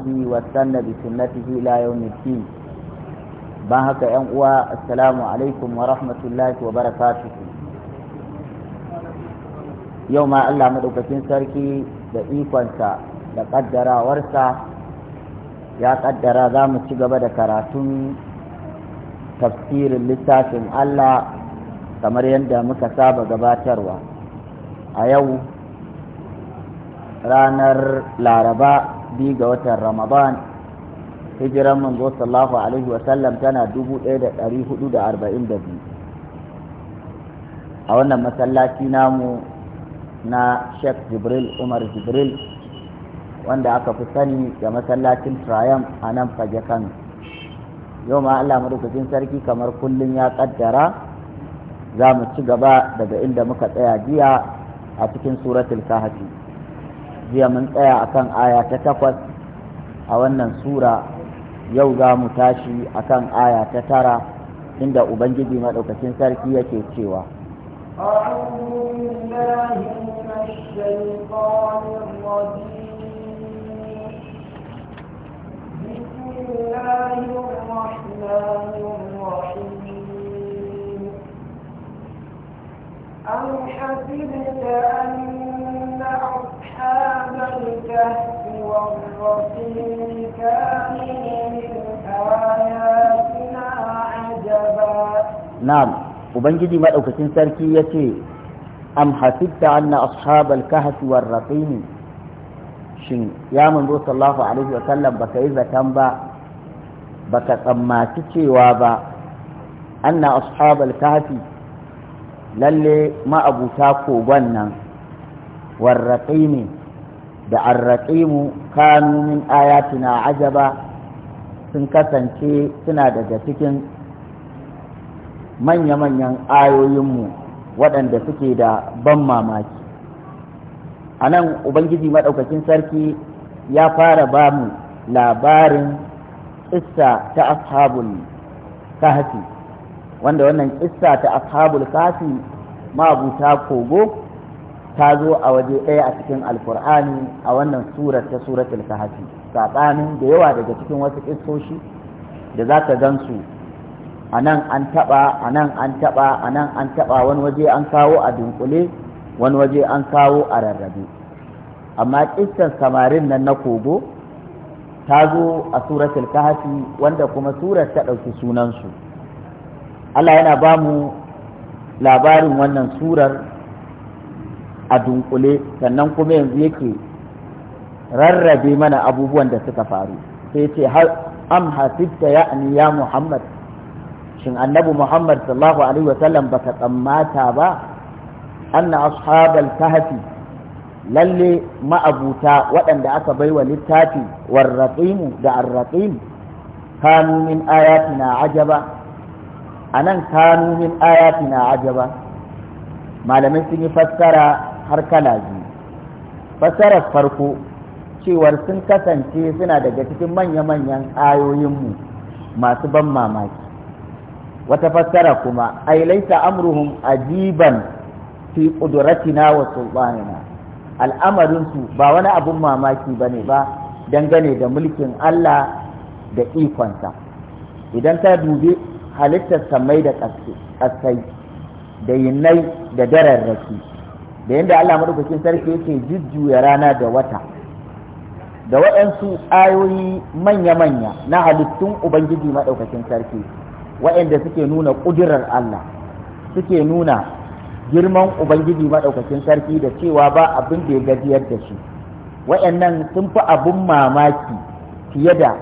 hadihi wa sanna bi sunnatihi ila yawmid din ban haka yan uwa assalamu alaikum wa rahmatullahi wa barakatuh yau ma Allah madaukakin sarki da ikonsa da kaddarawarsa ya kaddara za mu ci gaba da karatun tafsirin littafin Allah kamar yadda muka saba gabatarwa a yau ranar laraba biyu ga watan ramadan hijiran manzo sallallahu alaihi sallam tana dubu ɗaya da ɗari hudu da arba'in da a wannan masallaci namu na sheikh jibril umar jibril wanda aka fi sani da masallacin triumph a nan fage kano yau ma allah madaukakin sarki kamar kullum ya kaddara za mu ci gaba daga inda muka tsaya jiya a cikin suratul kahfi jiya mun tsaya a kan aya ta takwas a wannan sura yau za mu tashi akan aya ta tara inda ubangiji maɗaukacin sarki yake cewa بسم الله الرحمن الرحيم نعم وبنجي مدوكين سركي يتي ام حسبت ان اصحاب الكهف والرقيم شين يا من رسول الله عليه وسلم بك اذا كان با بك تماتي تشيوا با ان اصحاب الكهف lalle ma'abuta kogon nan warraƙimi da arraƙimu kanu min ayatina ajaba sun kasance suna daga cikin manya-manyan ayoyinmu waɗanda suke da ban mamaki a nan ubangiji maɗaukakin sarki ya fara ba mu labarin ƙissa ta ashabul kahfi wanda wannan kissa ta ashabul kafi mabuta kogo ta zo a waje ɗaya a cikin alkur'ani a wannan surar ta suratul kahfi saɓanin da yawa daga cikin wasu kissoshi da za ka gan su a nan an taɓa a nan an taɓa a nan an taɓa wani waje an kawo a dunkule wani waje an kawo a rarrabe amma kissan samarin nan na kogo ta zo a suratul kahfi wanda kuma surar ta ɗauki sunansu Allah yana ba mu labarin wannan surar a dunkule sannan kuma yanzu yake rarrabe mana abubuwan da suka faru sai ce am hasibta ya Muhammad shin annabi Muhammad sallallahu alaihi wasallam ka tsammata ba anna ashabal kahfi lalle ma'abuta waɗanda aka baiwa littafi warraqimu da arraqim kanu min ayatina ajaba a nan kanu min na ajaba Malamin sun yi fassara har kala biyu fassarar farko cewar sun kasance suna daga cikin manya-manyan ayoyinmu masu ban mamaki wata fassara kuma ai laita amruhum ajiban fi qudratina wa sulbanina al'amarinsu ba wani abun mamaki ba ne ba dangane da mulkin Allah da ikonsa idan ka dube halittar samai da ƙasai da yinai da dararraki da yadda Allah maɗaukacin sarki yake jujjuya rana da wata da waɗansu ayoyi manya-manya na halittun Ubangiji maɗaukacin sarki waɗanda suke nuna ƙudurar Allah suke nuna girman Ubangiji maɗaukacin sarki da cewa ba abin da ya gajiyar da shi waɗannan sun fi abin mamaki fiye da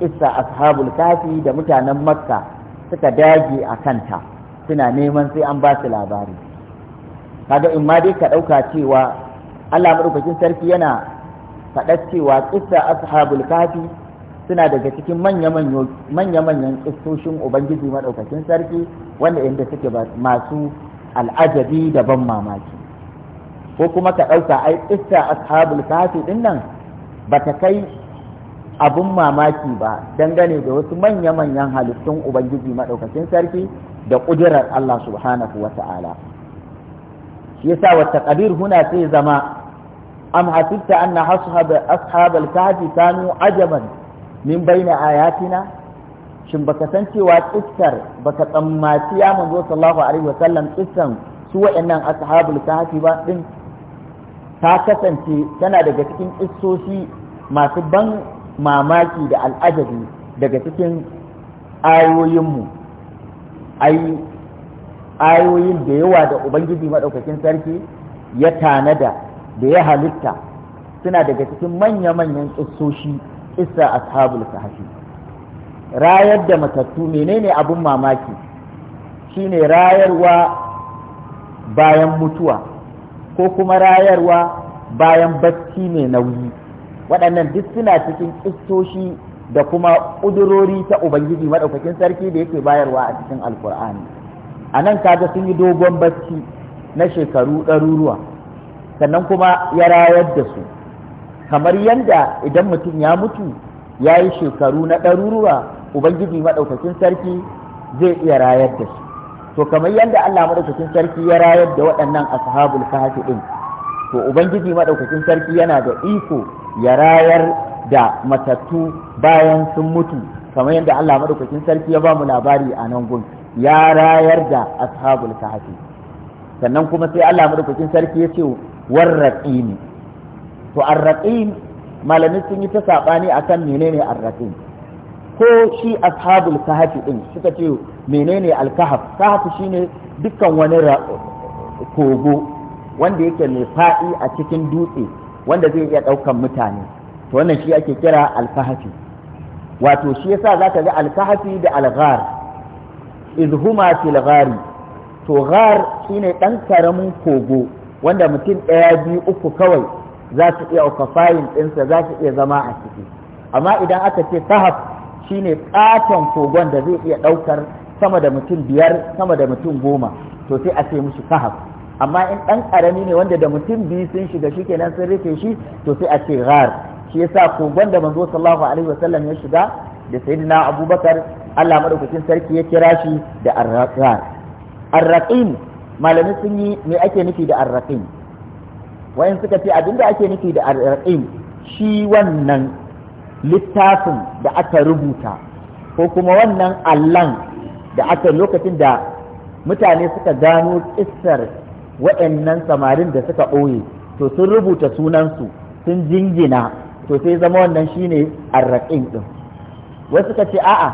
isa ashabul kafi da mutanen makka suka dage a kanta suna neman sai an ba su labari kaga in ma dai ka ɗauka cewa Allah maɗaukakin sarki yana faɗa cewa ƙissa ashabul kafi suna daga cikin manya-manyan ƙissoshin Ubangiji maɗaukakin sarki wanda inda suke masu al'ajabi da ban mamaki ko kuma ka ɗauka ai ƙissa ashabul kafi ɗin nan ba ta kai abun mamaki ba dangane da wasu manya-manyan halittun ubangiji maɗaukacin sarki da ƙudurar Allah subhanahu wa ta'ala shi yasa wa taqdir huna sai zama am hasibta anna ashab al-kahfi kanu ajaban min baina ayatina shin baka san cewa kissar baka tsammaci ya manzo sallallahu alaihi wa sallam kissan su wa'annan ashabul kahfi ba din ta kasance tana daga cikin kissoshi masu ban mamaki da al'ajabi daga cikin ayoyinmu ai ayoyin da yawa da ubangiji maɗaukakin sarki ya tanada da ya halitta suna daga cikin manya-manyan ƙisoshi isa ashabul kahfi rayar da matattu menene abin mamaki shine rayarwa bayan mutuwa ko kuma rayarwa bayan bacci mai nauyi waɗannan duk suna cikin ƙistoshi da kuma ƙudurori ta ubangiji maɗaukakin sarki da yake bayarwa a cikin alkur'ani a nan kaga sun yi dogon bacci na shekaru ɗaruruwa sannan kuma ya rayar da su kamar yadda idan mutum ya mutu ya yi shekaru na ɗaruruwa ubangiji maɗaukakin sarki zai iya rayar da su to kamar yadda allah maɗaukakin sarki ya rayar da waɗannan ashabul kahfi ɗin to ubangiji maɗaukakin sarki yana da iko ya rayar da matattu bayan sun mutu kamar yadda Allah madaukakin sarki ya ba mu labari a nan gun ya rayar da ashabul kahfi sannan kuma sai Allah madaukakin sarki ya ce warraqin to arraqin malamai sun yi ta sabani akan menene arraqin ko shi ashabul kahfi din suka ce menene alkahaf kahf shine dukkan wani kogo wanda yake mai faɗi a cikin dutse wanda zai iya ɗaukan mutane to wannan shi ake kira alfahafi wato shi yasa za ka ga alfahafi da alghar izhuma fil ghari to ghar shine ɗan karamin kogo wanda mutum ɗaya biyu uku kawai za su iya fayin ɗinsa za su iya zama a ciki amma idan aka ce sahaf shine ƙaton kogon da zai iya ɗaukar sama da mutum biyar sama da mutum goma to sai a ce mushi sahaf amma in ɗan ƙarami ne wanda da mutum biyu sun shiga shi kenan sun rufe shi to sai a ce ghar shi yasa kogon da manzo sallallahu alaihi wasallam ya shiga da sayyidina abubakar Allah madaukakin sarki ya kira shi da arraqar arraqim malamai sun yi me ake nufi da arraqim wayan suka ce abinda ake nufi da arraqim shi wannan littafin da aka rubuta ko kuma wannan allan da aka lokacin da mutane suka gano kissar Wa'annan samarin da suka ɓoye to sun rubuta sunansu sun jingina to sai zama wannan shine arraƙin ɗin wasu suka ce a'a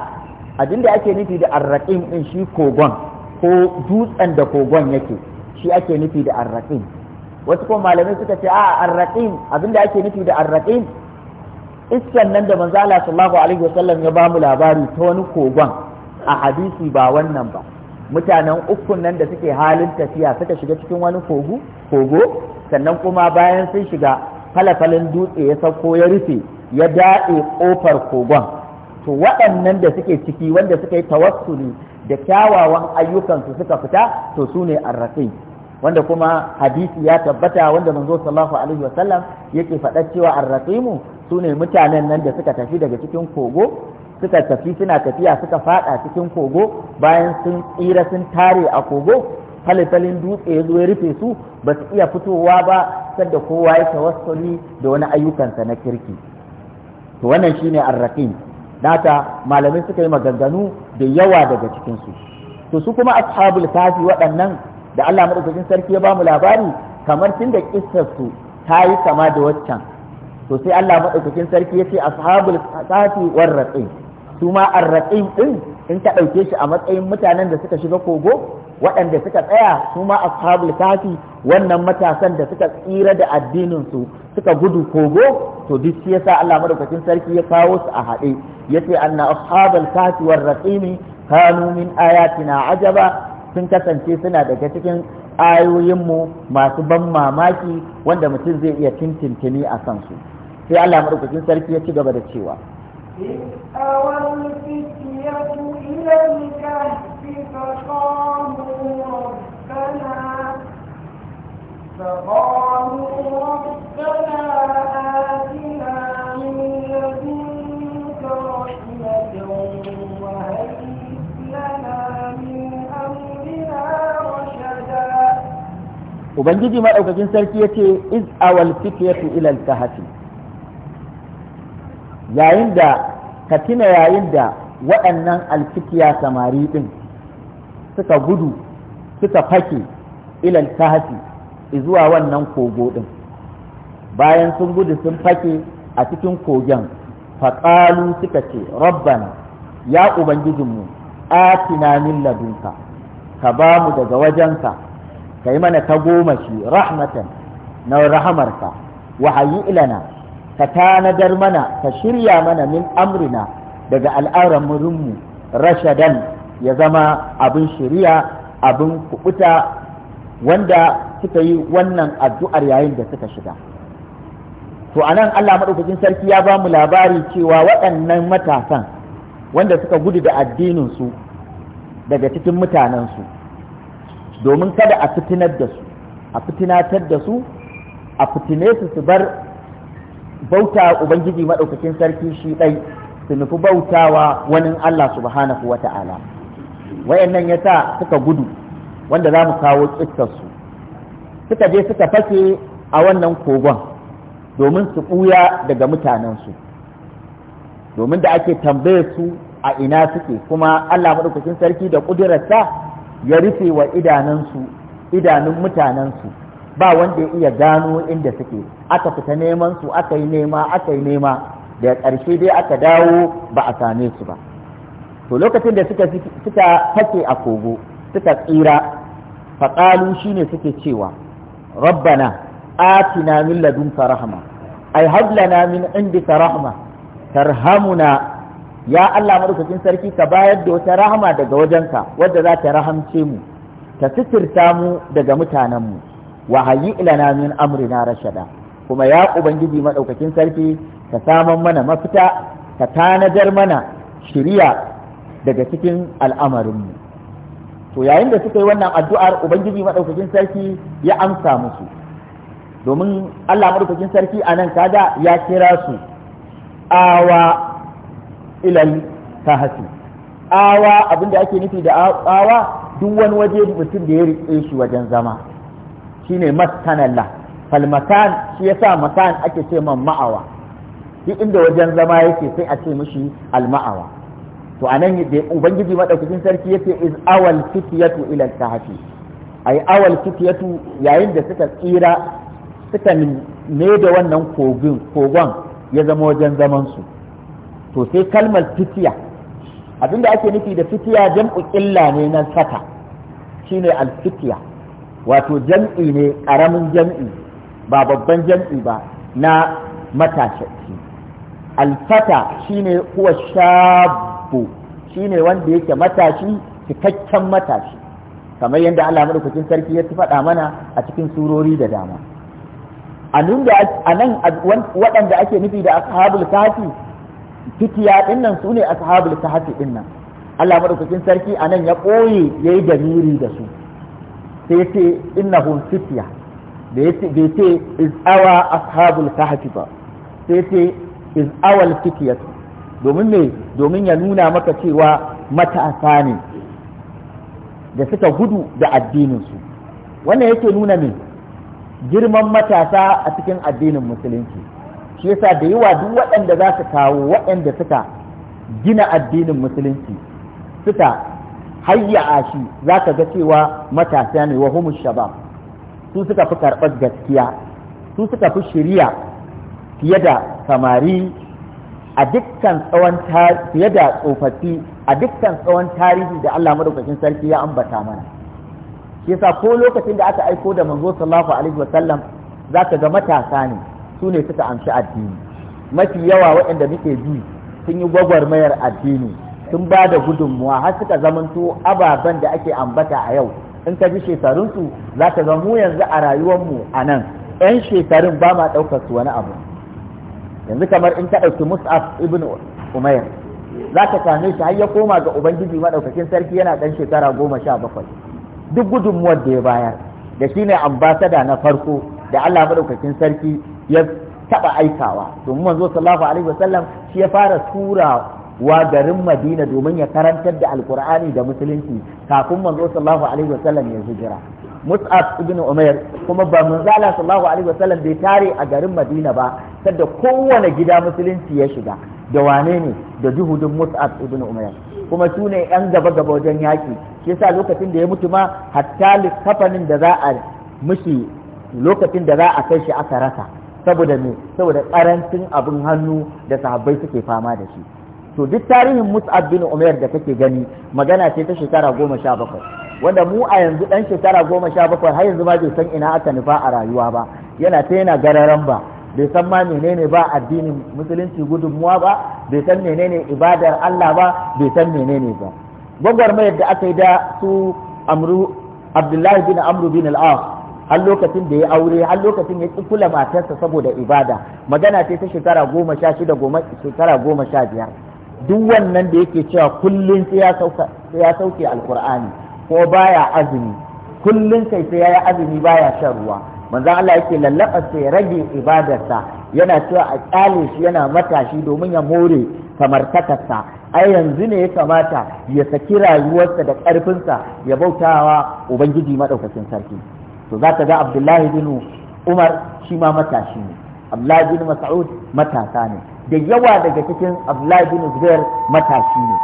abin da ake nufi da arraƙin ɗin shi kogon ko dutsen da kogon yake shi ake nufi da arraƙin wasu kuma malamai suka ce a'a arraƙin abin da ake nufi da arraƙin iskan nan da manzala sallallahu alaihi wasallam ya bamu labari ta wani kogon a hadisi ba wannan ba mutanen ukun nan da suke halin tafiya suka shiga cikin wani kogo kogo sannan kuma bayan sun shiga falafalin dutse ya sauko ya rufe ya daɗe ƙofar kogon to waɗannan da suke ciki wanda suka yi tawassuli da kyawawan ayyukansu suka fita to su ne arrafin wanda kuma hadisi ya tabbata wanda manzo sallallahu alaihi wasallam yake faɗa cewa arraqimu sune mutanen nan da suka tafi daga cikin kogo suka tafi suna tafiya suka faɗa cikin kogo bayan sun tsira sun tare a kogo falifalin dutse ya ya rufe su ba su iya fitowa ba sadda kowa ya tawassuli da wani ayyukansa na kirki to wannan shine arraqim data malamai suka yi maganganu da yawa daga cikin su to su kuma ashabul kafi waɗannan da Allah madaukakin sarki ya bamu labari kamar tun da kissar su ta yi kama da waccan to sai Allah madaukakin sarki ya ce ashabul safi war raqi su ma arraqin din in ka dauke shi a matsayin mutanen da suka shiga kogo waɗanda suka tsaya su ma ashabul kafi wannan matasan da suka tsira da addinin su suka gudu kogo to duk shi yasa Allah madaukakin sarki ya kawo su a haɗe yace anna ashabul kafi war raqimi kanu min ayatina ajaba sun kasance suna daga cikin ayoyinmu masu ban mamaki wanda mutum zai iya tintintini a kansu sai Allah madaukakin sarki ya ci gaba da cewa فقالوا ربنا آتنا من لدنك رحمة وهيئ لنا من ubangiji maɗaukakin sarki yace iz awal fityatu ila al yayin da ka tuna yayin da waɗannan alfitiya samari ɗin suka gudu suka fake ilal kahfi zuwa wannan kogo ɗin bayan sun gudu sun fake a cikin kogen faƙalu suka ce rabban ya ubangijinmu atina min ladunka ka ba mu daga wajenka ka yi mana shi rahmatan na rahamarka wa hayi ilana ka tanadar mana ka shirya mana min amrina daga al'amurinmu rashadan ya zama abin shirya abin kubuta wanda suka yi wannan addu'ar yayin da suka shiga to anan Allah maɗaukakin sarki ya ba mu labari cewa waɗannan matasan wanda suka gudu da addininsu daga cikin mutanensu domin kada a fitinar da su a fitinatar da su a fitine su su bar bauta ubangiji maɗaukakin sarki shi ɗai su nufi bautawa wani Allah subhanahu wa ta'ala wayannan ya sa suka gudu wanda za mu kawo su suka je suka fake a wannan kogon domin su ɓuya daga mutanensu domin da ake tambaye su a ina suke kuma Allah maɗaukakin sarki da ƙudurarsa ya rufe wa idanansu idanun mutanensu ba wanda ya iya gano inda suke aka fita neman su aka yi nema aka yi nema da ƙarshe dai aka dawo ba a same su ba to lokacin da suka suka fake a kogo suka tsira faƙalu shine suke cewa rabbana atina min ladunka rahma ai hablana min indika rahma tarhamuna ya Allah madaukakin sarki ka bayar da wata rahama daga wajenka wadda za ta rahamce mu ta sitirta mu daga mutanenmu wa hayi ilana min amrina rashada kuma ya ubangiji madaukakin sarki ka saman mana mafita ka tanadar mana shiriya daga cikin al'amarinmu to yayin da suka yi wannan addu'ar ubangiji madaukakin sarki ya amsa musu domin Allah madaukakin sarki a nan kaga ya kira su awa ilal tahasi awa abinda ake nufi da awa duk wani waje mutum da ya riƙe shi wajen zama shine maskanallah falmatan shi yasa makan ake ce man ma'awa duk inda wajen zama yake sai a ce mishi alma'awa to anan da ubangiji madaukakin sarki yace iz awal fitiyatu ila tahafi ai awal fitiyatu yayin da suka tsira suka ne da wannan kogin kogon ya zama wajen zaman su to sai kalmar fitiya abinda ake nufi da fitiya jam'u illa ne na saka shine alfitiya wato jam'i ne ƙaramin jam'i ba babban jam'i ba na matashi alfata shine kuwa shabu shine wanda yake matashi cikakken matashi kamar yadda Allah madaukakin sarki ya faɗa mana a cikin surori da dama a nan waɗanda ake nufi da ashabul kafi fitiya din nan su ne ashabul kahfi din nan Allah madaukakin sarki a nan ya ɓoye ya yi damiri da su sai ce innahum fitiya da ya ce bai ce awa ashabul kahfi ba sai ce iz awal fitiyatu domin ne domin ya nuna maka cewa matasa ne da suka gudu da addinin su wannan yake nuna ne girman matasa a cikin addinin musulunci shi yasa da yawa duk waɗanda za su kawo waɗanda suka gina addinin musulunci suka hayya shi za ka ga cewa matasa ne wa humus shabab su suka fi karɓar gaskiya su suka fi shirya fiye da samari a dukkan tsawon fiye da tsofaffi a dukkan tsawon tarihi da Allah madaukakin sarki ya ambata mana shi yasa ko lokacin da aka aiko da manzo sallallahu alaihi wasallam za ka ga matasa ne su ne suka amshi addini mafi yawa waɗanda muke bi sun yi gwagwarmayar addini sun ba da gudunmuwa har suka zamanto ababen da ake ambata a yau in ka ji shekarunsu za ka ga mu yanzu a rayuwarmu a nan 'yan shekarun ba ma ɗaukar su wani abu yanzu kamar in ka ɗauki mus'af ibn umair za ka same shi har ya koma ga ubangiji maɗaukakin sarki yana ɗan shekara goma sha bakwai duk gudunmuwar da ya bayar da shi ne ambasada na farko da Allah madaukakin sarki ya taba aikawa domin manzo sallallahu alaihi wasallam shi ya fara tura wa garin Madina domin ya karantar da Alkur'ani da musulunci kafin manzo sallallahu alaihi wasallam ya hijira Mus'ab ibn Umair kuma ba manzo Allah sallallahu alaihi wasallam bai tare a garin Madina ba sadda kowane gida musulunci ya shiga da wane ne da juhudin Mus'ab ibn Umair kuma su yan gaba gaba wajen yaki shi yasa lokacin da ya mutu ma hatta kafanin da za a mishi lokacin da za a kai shi aka rasa saboda me saboda karancin abin hannu da sahabbai suke fama da shi to duk tarihin mus'ab bin umar da kake gani magana ce ta shekara goma wanda mu a yanzu dan shekara goma sha har yanzu ma bai san ina aka nufa a rayuwa ba yana ta yana gararan ba bai san ma menene ba addinin musulunci gudunmuwa ba bai san menene ibadar Allah ba bai san menene ba gwagwarmayar da aka yi da su amru abdullahi bin amru bin al har lokacin da ya aure har lokacin ya kula matarsa saboda ibada magana ce ta shekara goma sha shida goma shekara goma sha biyar duk wannan da yake cewa kullum sai ya sauke alkur'ani ko baya azumi kullum sai sai ya azumi baya shan ruwa manzan Allah yake lallaɓa sai rage ibadarsa yana cewa a kyale shi yana matashi domin ya more kamar takarsa ai yanzu ne ya kamata ya saki rayuwarsa da ƙarfinsa ya bautawa ubangiji maɗaukacin sarki to za ka ga abdullahi bin umar shi ma matashi ne abdullahi bin mas'ud matasa ne da yawa daga cikin abdullahi bin zubair matashi ne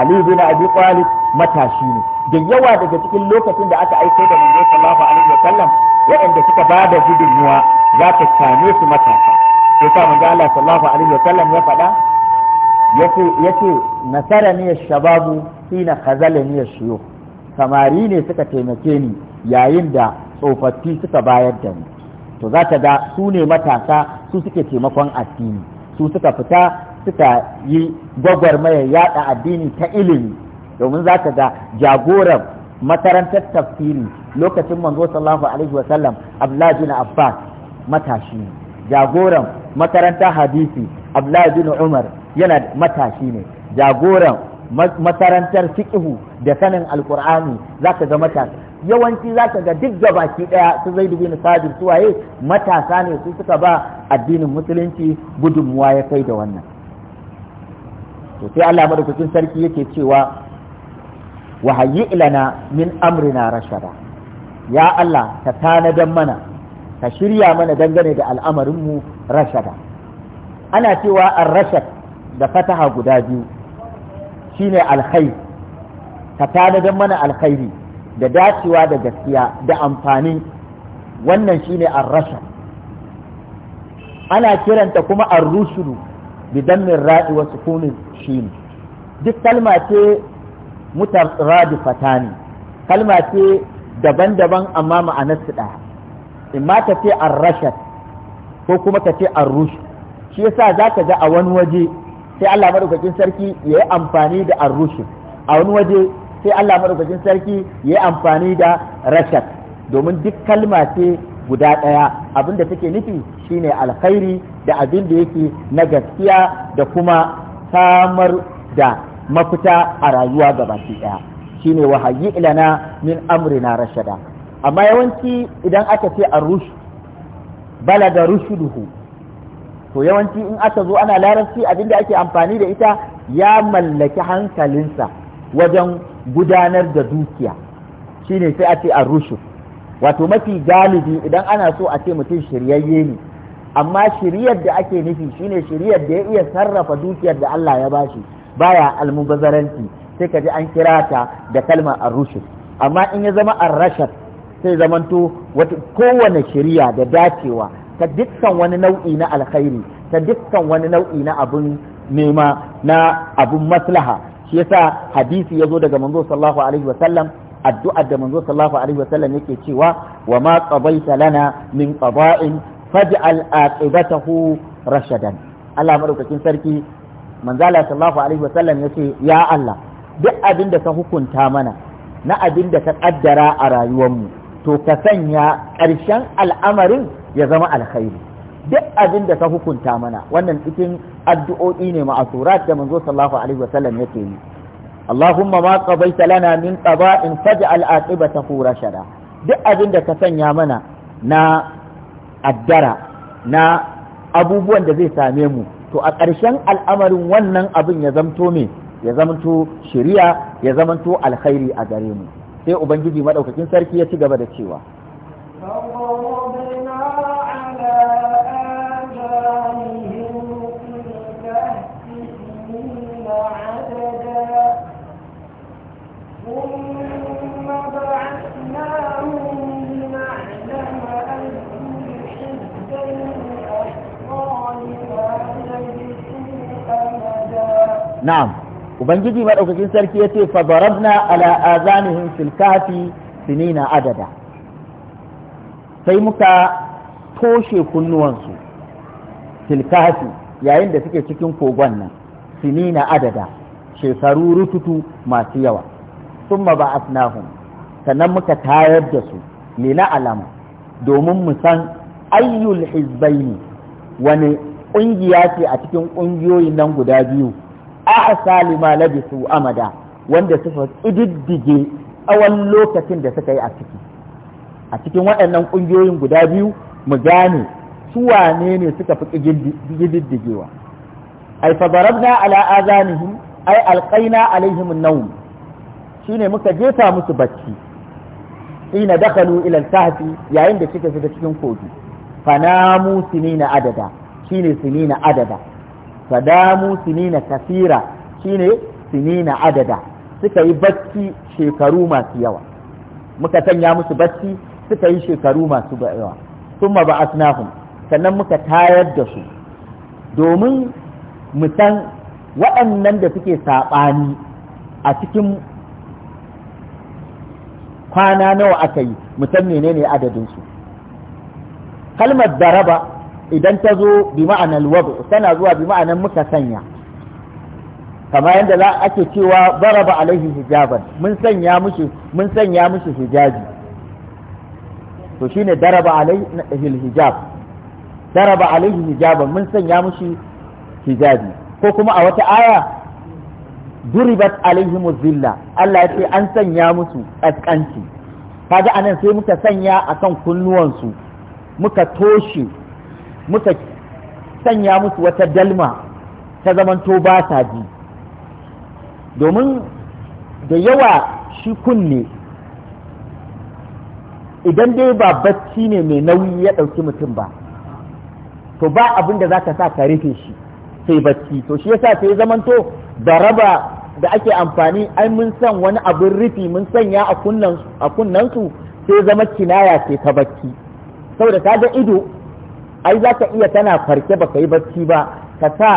ali bin abi talib matashi ne da yawa daga cikin lokacin da aka aiko da manzo sallallahu alaihi wasallam waɗanda suka ba da gudunmuwa za ka same su matasa sai sa manzo Allah sallallahu alaihi wasallam ya faɗa yace yace nasara ne shababu hina khazalani shuyukh samari ne suka taimake ni yayin da tsofaffi suka bayar da mu to za ta ga su ne matasa su suke taimakon addini su suka fita suka yi gwagwarmayar yada addini ta ilimi domin za ta ga jagoran makarantar tafsiri lokacin manzo sallallahu alaihi wa sallam Abdullahi bin Abbas matashi ne, jagoran makarantar hadisi Abdullahi bin Umar yana matashi ne jagoran makarantar fiqhu da sanin alqur'ani zaka ga matasa yawanci zaka ga duk da baki daya su zai dubi sabir su waye matasa ne su suka ba addinin musulunci gudunmuwa ya kai da wannan to sai Allah madaukakin sarki yake cewa wa hayyi lana min amrina rashada ya Allah ka tanadan mana ka shirya mana dangane da al'amarin mu rashada ana cewa an rashad da fataha guda biyu shine alkhairi, ka tanadar mana alkhairi da dacewa da gaskiya da amfani wannan shine ar-rashad ana kiranta kuma ar-rushdu bi dammin ra'i wa sukunin shin duk kalma ce mutaradifata kalma ce daban-daban amma ma'anar su ɗaya in ma ce ar-rashad ko kuma ka ce ar-rushd shi yasa zaka ga a wani waje sai Allah madaukakin sarki ya yi amfani da arrushin a wani waje sai Allah madaukakin sarki ya yi amfani da rashad domin duk kalma ce guda ɗaya abin da take nufi shine alkhairi da abin da yake na gaskiya da kuma samar da mafita a rayuwa gaba gabaki ɗaya shine wahayi ilana min amrina rashada amma yawanci idan aka ce arrush balaga rushuduhu to yawanci in aka zo ana larabci da ake amfani da ita ya mallaki hankalinsa wajen gudanar da dukiya shine sai a ce a rushe wato mafi galibi idan ana so a ce mutum shiryayye ne amma shiryar da ake nufi shine shiryar da ya iya sarrafa dukiyar da Allah ya bashi baya almubazaranci sai ka ji an kira ta da kalmar rushe. amma in ya zama rashar, sai zamanto wata kowane shirya da dacewa ta dukkan wani nau'i na alkhairi ta dukkan wani nau'i na abun nema na abun maslaha shi yasa hadisi ya zo daga manzo sallallahu alaihi wa sallam. addu'ar da manzo sallallahu alaihi wa wasallam yake cewa wa ma qadaita lana min qada'in faj'al aqibatahu rashadan Allah madaukakin sarki manzala sallallahu alaihi wasallam yace ya Allah duk abin da ka hukunta mana na abin da ka kaddara a rayuwarmu to ka sanya ƙarshen al'amarin ya zama alkhairi duk abin da ta hukunta mana wannan cikin addu'o'i ne ma'asurat da manzo sallallahu alaihi wasallam yake yi Allahumma ma qabaita lana min qaba'in faj'al aqibatahu shada. duk abin da ka sanya mana na addara na abubuwan da zai same mu to a ƙarshen al'amarin wannan abin ya zamto me ya zamto shiriya ya zamto alkhairi a gare mu sai ubangiji madaukakin sarki ya ci gaba da cewa na'am ubangiji madaukakin sarki yace fa darabna ala azanihim fil kafi sinina adada sai muka toshe kunnuwansu fil kafi yayin da suke cikin kogon nan sinina adada shekaru rututu masu yawa summa ba'athnahum sannan muka tayar da su lina alama domin mu san ayyul hizbaini wani ƙungiya ce a cikin ƙungiyoyin nan guda biyu ahsa ma labisu amada wanda suka ididdige tsawon lokacin da suka yi a ciki a cikin waɗannan ƙungiyoyin guda biyu mu gane su wane ne suka fi ƙididdigewa ai fa darabna ala azanihim ai alqaina alaihim an-nawm shine muka jefa musu bacci ina dakalu ila al-kahfi yayin da suka fita cikin kogi fanamu sinina adada shine sinina adada fadamu sinina kasira shine sinina adada suka yi bacci shekaru masu yawa muka tanya musu bacci suka yi shekaru masu yawa sun ba asnahum sannan muka tayar da su domin mu san waɗannan da suke saɓani a cikin kwana nawa aka yi mu san menene adadinsu kalmar daraba idan ta zo bi ma'anar wadu tana zuwa bi ma'anar muka sanya kamar yadda za ake cewa baraba alaihi hijaban mun sanya mushi mun sanya mushi hijabi to shine daraba alaihi hijab daraba alaihi hijaban mun sanya mushi hijabi ko kuma a wata aya duribat alaihi muzilla Allah ya ce an sanya musu kaskanci kaga anan sai muka sanya akan kunnuwansu muka toshe muka sanya musu wata dalma ta zamanto ba sa ji domin da yawa shi kunne idan dai ba bacci ne mai nauyi ya ɗauki mutum ba to ba abin da za ka sa ka rufe shi sai bacci to shi yasa sai zamanto da raba da ake amfani ai mun san wani abin rufi mun sanya a kunnansu sai zama kinaya ce ka bacci saboda ta ga ido ai za ka iya tana farke ba ka yi bacci ba ka sa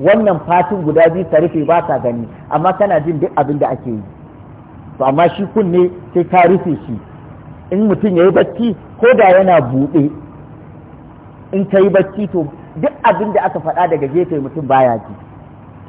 wannan fatin guda biyu ka rufe ba ka gani amma kana jin duk abin da ake yi to amma shi kunne sai ka rufe shi in mutum ya yi bacci ko da yana buɗe in ka yi bacci to duk abin da aka faɗa daga gefe mutum baya ji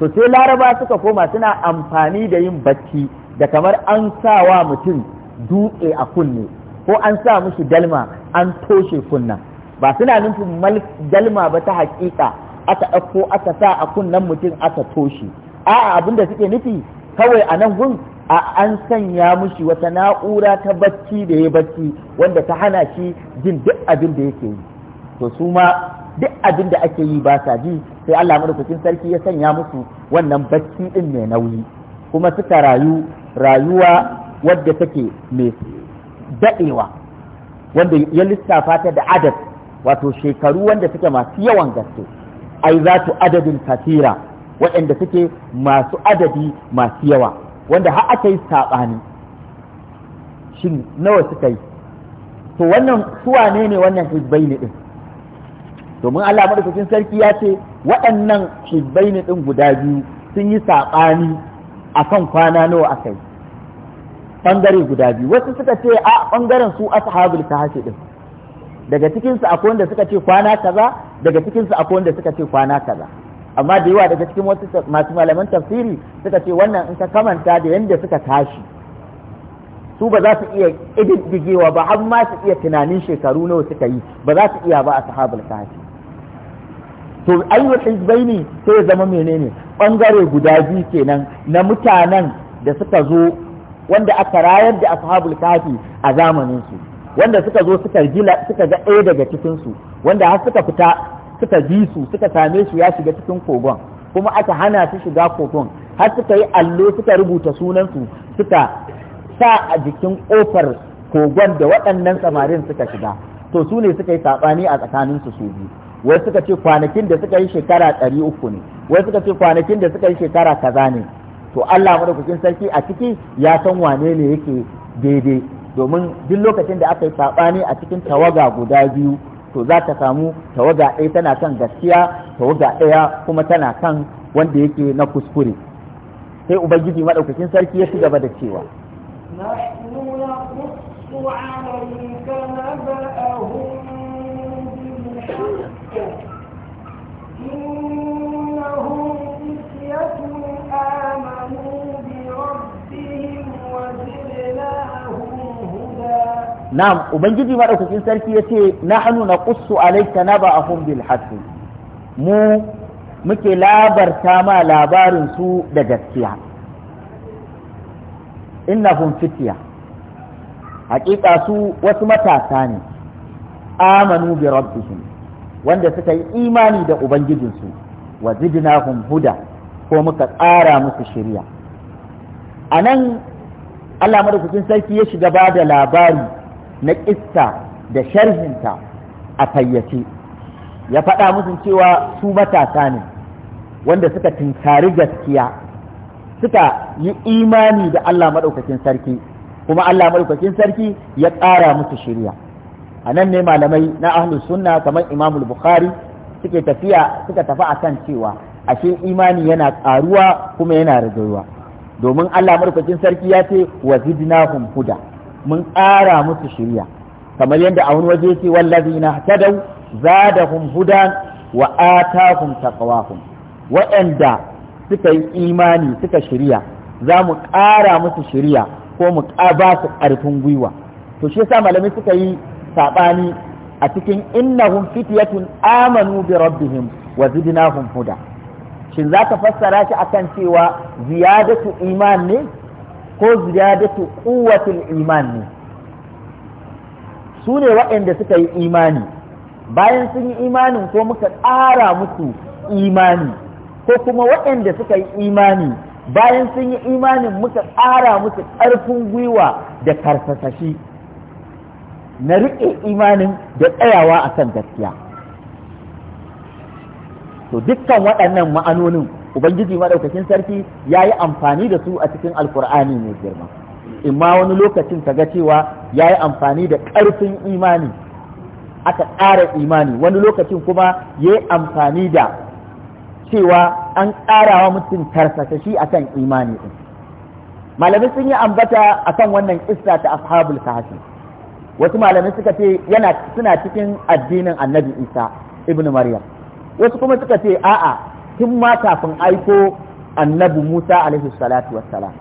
to sai laraba suka koma suna amfani da yin bacci da kamar an sa wa mutum dutse a kunne ko an sa mushi dalma an toshe kunna ba suna nufin dalma ba ta haƙiƙa aka ɗauko aka sa a kunnen mutum aka toshe a'a abin da suke nufi kawai a nan gun a an sanya mushi wata na'ura ta bacci da ya bacci wanda ta hana shi jin duk abin da yake yi to su ma duk abin da ake yi ba sa ji sai Allah madaukakin sarki ya sanya musu wannan bacci din mai nauyi kuma suka rayu rayuwa wadda take mai daɗewa wanda ya lissafa ta da adad wato shekaru wanda suke masu yawan gaske ai za su adadin kafira. waɗanda suke masu adadi masu yawa wanda har aka yi saɓani shin nawa suka yi to wannan suwa ne ne wannan hizbai ne ɗin domin Allah madaukakin sarki ya ce waɗannan hizbai ne ɗin guda biyu sun yi saɓani a kan kwana nawa aka yi ɓangare guda biyu wasu suka ce a ɓangaren su ashabul kahfi ɗin daga cikinsu akwai wanda suka ce kwana kaza daga cikinsu akwai wanda suka ce kwana kaza amma da yawa daga cikin wasu masu malaman tafsiri suka ce wannan in ka kamanta da yadda suka tashi su ba za su iya ididdigewa ba amma su iya tunanin shekaru nawa suka yi ba za su iya ba a sahabul kahfi to ayyu hizbaini sai ya zama menene bangare guda biyu kenan na mutanen da suka zo wanda aka rayar da ashabul kahfi a zamanin su wanda suka zo suka gila suka ga ɗaya daga cikinsu wanda har suka fita suka ji su suka same su ya shiga cikin kogon kuma aka hana su shiga kogon har suka yi allo suka rubuta sunansu su suka sa a jikin kofar kogon da waɗannan samarin suka shiga to su ne suka yi saɓani a tsakanin su su biyu wai suka ce kwanakin da suka yi shekara ɗari uku ne wai suka ce kwanakin da suka yi shekara kaza ne to Allah madaukakin sarki a ciki ya san wane ne yake daidai domin duk lokacin da aka yi saɓani a cikin tawaga guda biyu to za ta samu tawaga ɗaya tana kan gaskiya tawaga ɗaya kuma tana kan wanda yake na kuskure sai ubangiji maɗaukakin sarki ya ci gaba da cewa na'am ubangiji madaukakin sarki ya yace nahnu naqussu alayka naba'ahum bil haqqi mu muke labarta ma labarin su da gaskiya innahum fitya hakika su wasu matasa ne amanu bi rabbihim wanda suka yi imani da ubangijinsu wa zidnahum huda ko muka ƙara musu shari'a anan Allah madaukakin sarki ya shiga ba da labari na ƙista da sharhinta a fayyace ya faɗa musu cewa su matasa ne wanda suka tinkari gaskiya suka yi imani da Allah maɗaukakin sarki kuma Allah maɗaukakin sarki ya ƙara musu shirya a nan ne malamai na ahlul sunna kamar imamul bukhari suke tafiya suka tafi akan cewa ashe imani yana ƙaruwa kuma yana rajoyuwa domin Allah maɗaukakin sarki ya ce wa zidnahum huda mun ƙara musu shirya kamar yadda a wani waje ce wallazi na tadau zadahum hudan wa atahum taqwahum waɗanda suka yi imani suka shirya za mu ƙara musu shirya ko mu ba su ƙarfin gwiwa to shi yasa malamai suka yi saɓani a cikin innahum fityatun amanu bi rabbihim wa zidnahum huda shin zaka fassara shi akan cewa ziyadatu iman ne ko ziyadatu quwwatul iman ne su ne waɗanda suka yi imani bayan sun yi imanin ko muka ƙara musu imani ko kuma waɗanda suka yi imani bayan sun yi imanin muka ƙara musu ƙarfin gwiwa da karsasashi na riƙe imanin da tsayawa a kan gaskiya to dukkan waɗannan ma'anonin ubangiji madaukakin sarki ya yi amfani da su a cikin alkur'ani mai girma imma wani lokacin ka ga cewa ya yi amfani da ƙarfin imani aka ƙara imani wani lokacin kuma ya yi amfani da cewa an ƙarawa mutum a akan imani ɗin malamai sun yi ambata akan wannan kissa ta ashabul kahfi wasu malamai suka ce suna cikin addinin annabi isa ibnu maryam wasu kuma suka ce a'a tun ma kafin aiko annabi Musa alaihi salatu wassalam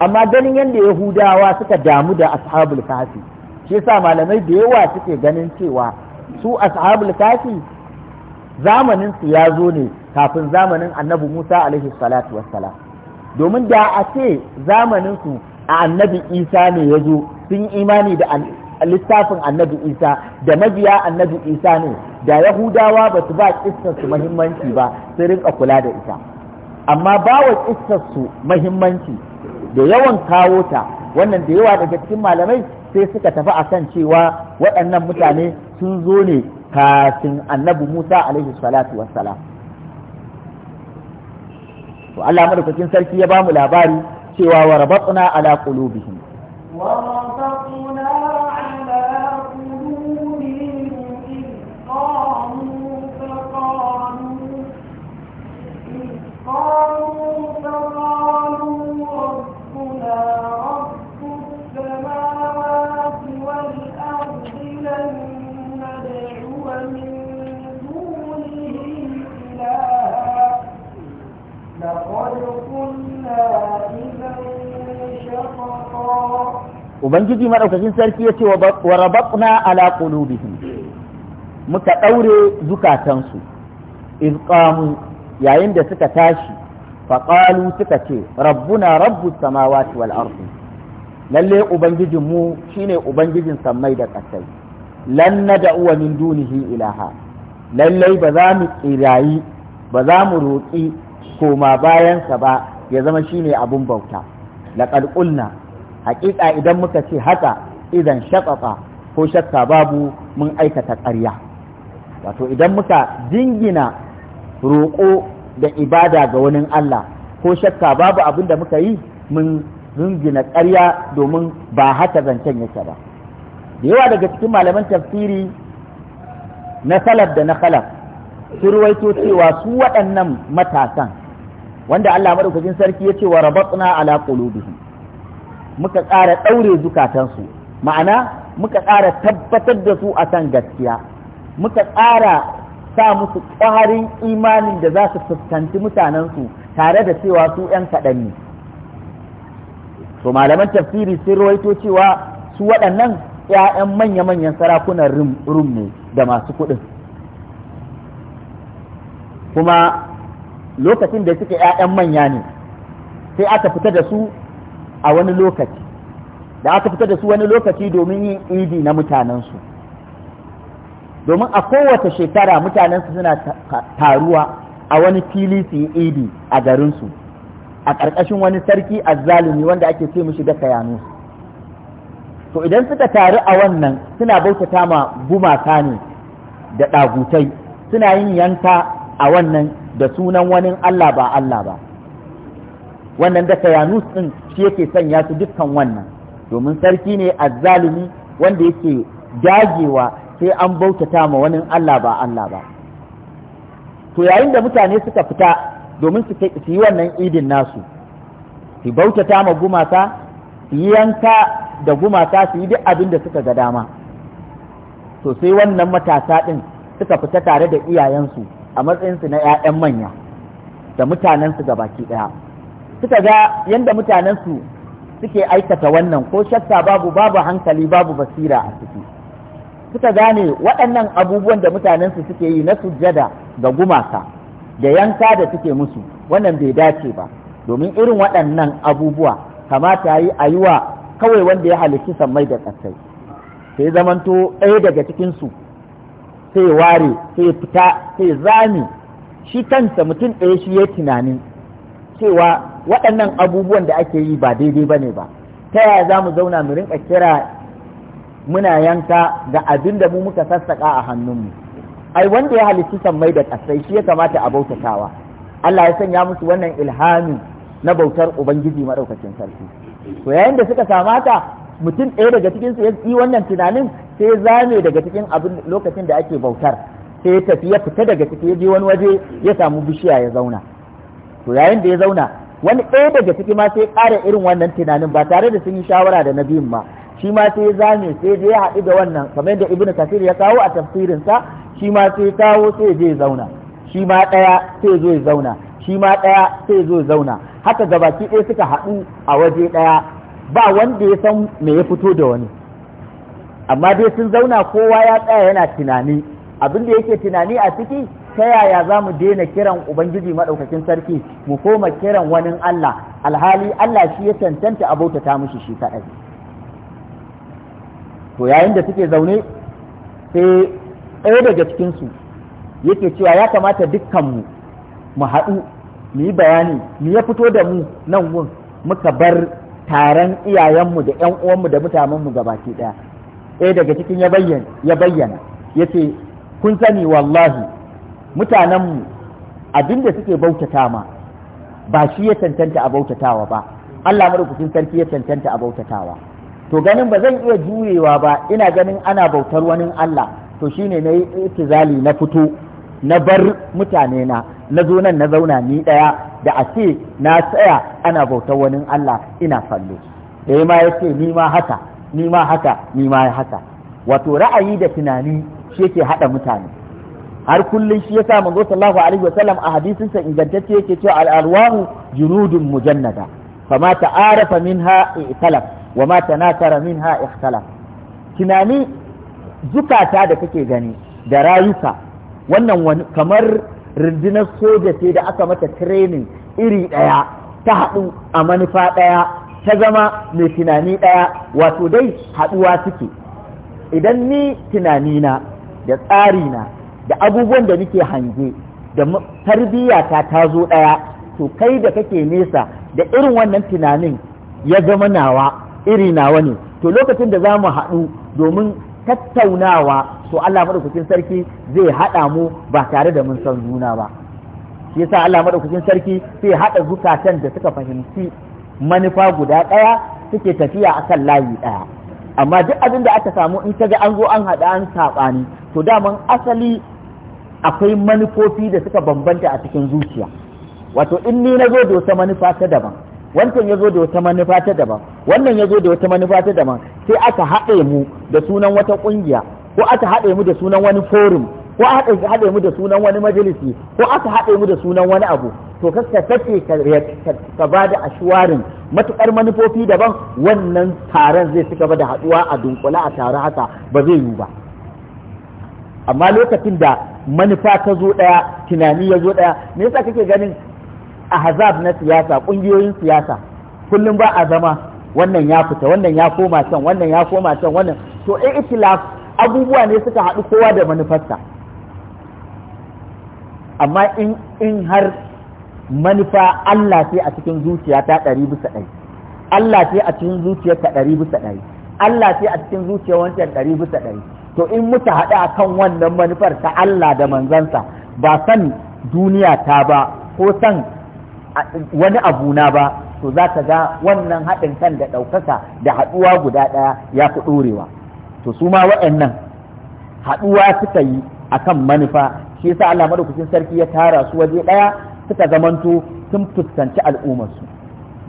amma ganin yadda Yahudawa suka damu da ashabul kafi shi yasa malamai da yawa suke ganin cewa su ashabul kafi zamanin su ya zo ne kafin zamanin annabi Musa alaihi salatu wassalam domin da a ce zamanin su a annabi Isa ne ya zo sun imani da littafin annabi Isa da mabiya annabi Isa ne da yahudawa ba su ba kissar su muhimmanci ba sai rinka kula da ita amma ba wa kissar su muhimmanci da yawan kawo ta wannan da yawa daga cikin malamai sai suka tafi a kan cewa waɗannan mutane sun zo ne kafin annabi Musa alaihi salatu wassalam to Allah madaukakin sarki ya ba mu labari cewa wa rabatna ala qulubihim ubangiji maɗaukakin sarki ya ce wa rabatna ala qulubihim muka daure zukatansu iz qamu yayin da suka tashi faqalu suka ce rabbuna rabbus samawati wal ardi lalle ubangijin mu shine ubangijin sammai da ƙasai lan nad'u min dunihi ilaha lalle ba za mu kirayi ba za mu roƙi koma bayansa ba ya zama shine abun bauta laqad qulna hakika idan muka ce haka idan shaqaqa ko shakka babu mun aikata ƙarya wato idan muka dingina roƙo da ibada ga wani Allah ko shakka babu abin da muka yi mun dingina ƙarya domin ba haka zancen yake ba da yawa daga cikin malaman tafsiri na salaf da na khalaf su ruwaito cewa su waɗannan matasan wanda Allah madaukakin sarki ya ce wa rabatna ala qulubihim muka ƙara ɗaure zukatansu ma'ana muka ƙara tabbatar da su a kan gaskiya muka ƙara sa musu ƙwarin imanin da za su fuskanci mutanensu tare da cewa su 'yan kaɗan ne to malaman tafsiri sun rawaito cewa su waɗannan 'ya'yan manya-manyan sarakunan rum ne da masu kuɗin kuma lokacin da suke 'ya'yan manya ne sai aka fita da su a wani lokaci da aka fitar da su wani lokaci domin yin idi na mutanensu domin a kowace shekara mutanensu suna taruwa a wani fili su yi idi a garinsu a ƙarƙashin wani sarki azzalumi wanda ake ce mu shiga kayanu to idan suka taru a wannan suna bautata ma gumaka ne da ɗagutai suna yin yanka a wannan da sunan wani Allah ba Allah ba wannan da kayanus ɗin shi yake sanya su dukkan wannan domin sarki ne azzalumi wanda yake dagewa sai an bautata ma wani Allah ba Allah ba to yayin da mutane suka fita domin su yi wannan idin nasu su bautata ma gumaka su yi yanka da gumaka su yi duk abin da suka ga dama to sai wannan matasa ɗin suka fita tare da iyayensu a matsayinsu na 'ya'yan manya da mutanensu ga baki ɗaya suka ga yadda mutanensu suke aikata wannan ko shakka babu babu hankali babu basira a ciki suka gane waɗannan abubuwan da mutanensu suke yi na sujjada ga gumaka da yanka da suke musu wannan bai dace ba domin irin waɗannan abubuwa kamata yi a yi wa kawai wanda ya halicci sammai da ƙasai sai zamanto ɗaya daga cikinsu sai ware sai fita sai zame, shi kansa mutum ɗaya shi ya tunanin cewa waɗannan abubuwan da ake yi ba daidai ba ne ba ta yaya za mu zauna mu rinka kira muna yanka ga abin da mu muka sassaƙa a hannunmu ai wanda ya san mai da ƙasai shi ya kamata a bautatawa Allah ya sanya musu wannan ilhami na bautar ubangiji maɗaukacin sarki to yayin da suka samata mutum ɗaya daga cikin su ya yi wannan tunanin sai ya zame daga cikin abin lokacin da ake bautar sai ya tafi ya fita daga ciki ya je wani waje ya samu bishiya ya zauna to yayin da ya zauna wani ɗaya daga ciki ma sai ƙara irin wannan tunanin ba tare da sun yi shawara da na biyun ma shi ma sai zame sai ya haɗu da wannan kamar yadda ibnu kasir ya kawo a tafsirinsa shi ma sai ya kawo sai je zauna shi ma ɗaya sai zo ya zauna shi ma ɗaya sai zo ya zauna haka gabaki ɗaya suka haɗu a waje ɗaya ba wanda ya san me ya fito da wani amma dai sun zauna kowa ya tsaya yana tunani abin da yake tunani a ciki ta yaya za mu daina kiran ubangiji maɗaukakin sarki mu koma kiran wani Allah alhali Allah shi ya cancanta abota ta mushi shi kaɗai to yayin da suke zaune sai ɗaya daga cikinsu yake cewa ya kamata dukkanmu mu haɗu mu yi bayani mu ya fito da mu nan gun muka bar taron iyayenmu da ƴan uwanmu da mutanenmu gabaki ɗaya ɗaya daga cikin ya bayyana ya ce kun sani wallahi mutanenmu abin da suke bautata ma ba shi ya cancanta a bautatawa ba Allah madaukakin sarki ya cancanta a bautatawa to ganin ba zan iya jurewa ba ina ganin ana bautar wani Allah to shine na yi itizali na fito na bar mutane na na zo nan na zauna ni ɗaya, da a ce na tsaya ana bautar wani Allah ina fallo da ya ma ya ce ni ma haka ni haka ni ma haka wato ra'ayi da tunani shi yake haɗa mutane har kullum shi yasa manzo sallallahu alaihi wasallam a hadisin sa ingantacce yake cewa al arwahu junudun mujannada fama ta'arafa minha ikhtalaf wa ma tanakara minha ikhtalaf tunani zukata da kake gani da rayuka wannan kamar rundunar soja ce da aka mata training iri ɗaya ta haɗu a manufa ɗaya ta zama mai tunani ɗaya wato dai haɗuwa suke idan ni tunanina da tsarina da abubuwan da nake hange da tarbiyyata ta zo ɗaya to kai da kake nesa da irin wannan tunanin ya zama nawa iri nawa ne to lokacin da za mu haɗu domin tattaunawa to Allah madaukakin sarki zai haɗa mu ba tare da mun san juna ba shi yasa Allah madaukakin sarki sai haɗa zukatan da suka fahimci manufa guda ɗaya suke tafiya akan layi ɗaya amma duk abin da aka samu in ta ga an zo an haɗa an saɓani to daman asali akwai manufofi da suka bambanta a cikin zuciya wato in ni na zo da wata manufa ta daban wancan ya zo da wata manufa ta daban wannan ya zo da wata manufa ta daban sai aka haɗe mu da sunan wata ƙungiya ko aka haɗe mu da sunan wani forum ko aka haɗe mu da sunan wani majalisi ko aka haɗe mu da sunan wani abu to ka sace ka ba da ashwarin matukar manufofi daban wannan taron zai ci ba da haɗuwa a dunkula a tare haka ba zai yi ba amma lokacin da manufa ta zo ɗaya tunani ya zo ɗaya me yasa kake ganin ahzab na siyasa ƙungiyoyin siyasa kullum ba a zama wannan ya fita wannan ya koma can wannan ya koma can wannan to eh itilaf abubuwa ne suka haɗu kowa da manufarsa amma in in har manufa Allah sai a cikin zuciya ta ɗari bisa ɗari Allah sai a cikin zuciya ta ɗari bisa ɗari Allah sai a cikin zuciya wancan ɗari bisa ɗari to in muka haɗu akan wannan manufar ta Allah da manzansa ba san duniya ta ba ko san wani abu na ba to za ka ga wannan haɗin kan da ɗaukaka da haɗuwa guda ɗaya ya fi ɗorewa to su ma waɗannan haɗuwa suka yi akan manufa shi yasa Allah madaukakin sarki ya tara su waje ɗaya suka zamanto sun fuskanci al'ummarsu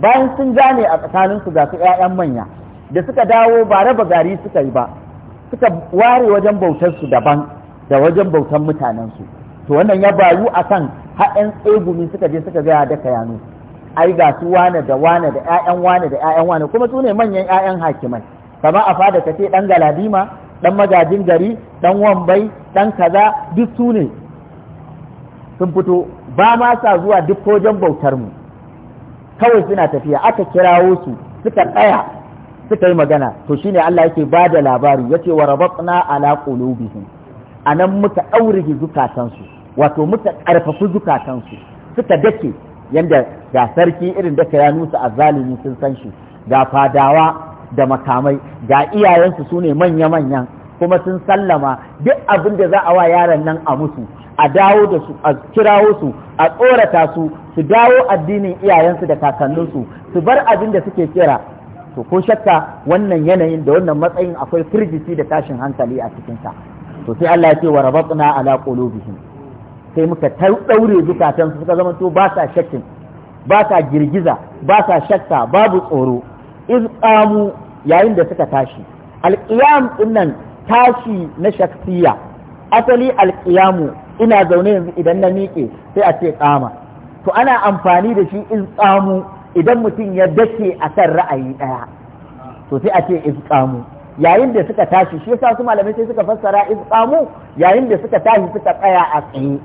bayan sun gane a tsakaninsu ga su 'ya'yan manya da suka dawo ba raba gari suka yi ba suka ware wajen bautarsu daban da wajen bautar mutanensu to wannan ya bayu a kan haɗin tsegumi suka je suka gaya da kayanu ai ga su wane da wane da ƴaƴan wane da ƴaƴan wane kuma su ne manyan 'ya'yan hakimai kama a fada ka ce ɗan galadima ɗan magajin gari ɗan wambai ɗan kaza duk su ne sun fito ba ma sa zuwa duk wajen bautar mu kawai suna tafiya aka kirawo su suka tsaya suka yi magana to shine Allah yake ba da labari yace wa rabatna ala qulubihim anan muka aurihi zukatansu wato muka karfafi zukatansu suka dake yanda ga sarki irin da ya nusa azzalimi sun san shi ga fadawa da makamai ga iyayensu sune manya manya kuma sun sallama duk abin da za a wa yaran nan a musu a dawo da su a kirawo su a tsorata su su dawo addinin iyayensu da kakanninsu su bar abin da suke kira to ko shakka wannan yanayin da wannan matsayin akwai firgici da tashin hankali a cikinsa to sai Allah ya ce wa rabatna ala qulubihim sai muka daure zukatan su suka zamanto ba sa shakkin ba sa girgiza ba sa shakka babu tsoro iz qamu yayin da suka tashi alqiyam dinnan tashi na shaksiya asali alqiyamu ina zaune yanzu idan na miƙe sai a ce kama to ana amfani da shi iz qamu idan mutum ya dace a kan ra'ayi ɗaya to sai a ce yayin da suka tashi shi yasa su malamai sai suka fassara isƙamu, yayin da suka tashi suka tsaya a tsaye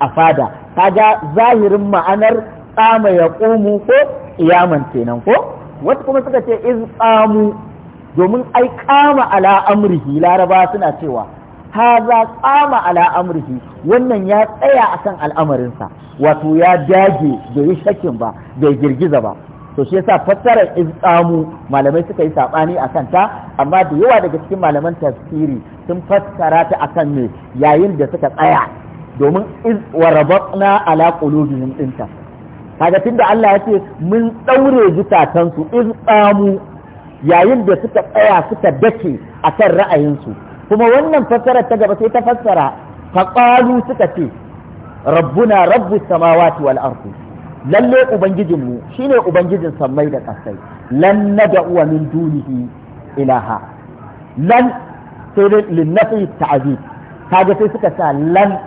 a fada kaga zahirin ma'anar tsama ya ƙomu ko iyaman kenan ko wasu kuma suka ce izqamu domin ai kama ala amrihi laraba suna cewa haza tsama ala amrihi wannan ya tsaya akan al'amarinsa wato ya dage bai yi ba bai girgiza ba to shi yasa fassarar izqamu malamai suka yi sabani akan ta amma da yawa daga cikin malaman tafsiri sun fassara ta akan ne yayin da suka tsaya domin iz wa rabatna ala qulubihim dinta kaga tunda Allah ya ce mun daure zukatansu izqamu yayin da suka tsaya suka dake akan ra'ayinsu kuma wannan fassara ta gaba sai ta fassara faqalu suka ce rabbuna rabbus samawati wal ardi lalle ubangijinmu shine ubangijin sammai da kasai lan nad'u min dunihi ilaha lan sai linnafi ta'zib kaga sai suka sa lan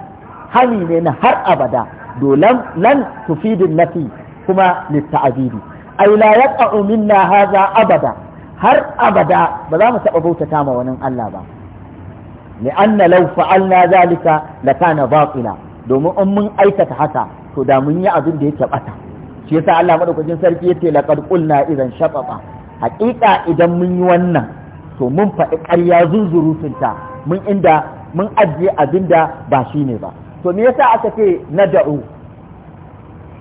hali ne na har abada dolan lan tufidin nafi kuma litta'abibi ai la yaqa'u minna hadha abada har abada ba za mu taɓa bautata ma wani Allah ba li'anna law fa'alna zalika na batila domin in mun aikata haka to da mun yi abin da yake bata shi yasa Allah madaukakin sarki yace laqad qulna idan shafafa haƙiƙa idan mun yi wannan to mun faɗi ƙarya zunzurutunta mun inda mun ajiye abin da ba shi ne ba to me yasa aka ce na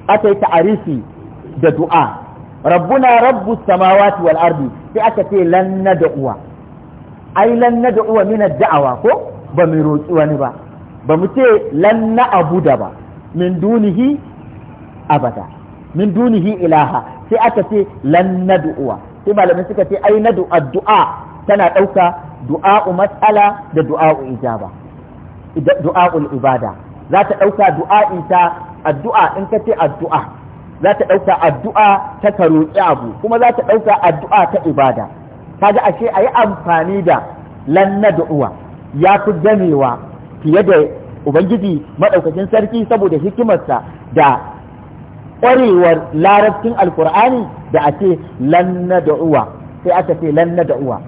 aka yi ta'arifi da du'a rabbuna rabbus samawati wal ardi sai aka ce lan na ai lan nad'u min ko ba mu roƙi wani ba ba mu ce lan na abuda ba min dunihi abada min dunihi ilaha sai aka ce lan sai malamai suka ce ai nadu addu'a tana ɗauka du'a'u mas'ala da du'a'u ijaba du'a'ul ibada za ta ɗauka du'a'i ta addu'a in ka ce addu'a za ta ɗauka addu'a ta ka abu kuma za ta ɗauka addu'a ta ibada kaga ashe a yi amfani da lanna da'uwa ya fi ganewa fiye da ubangiji maɗaukacin sarki saboda hikimarsa da ƙwarewar larabcin alkur'ani da a ce lan sai aka ce lanna da'uwa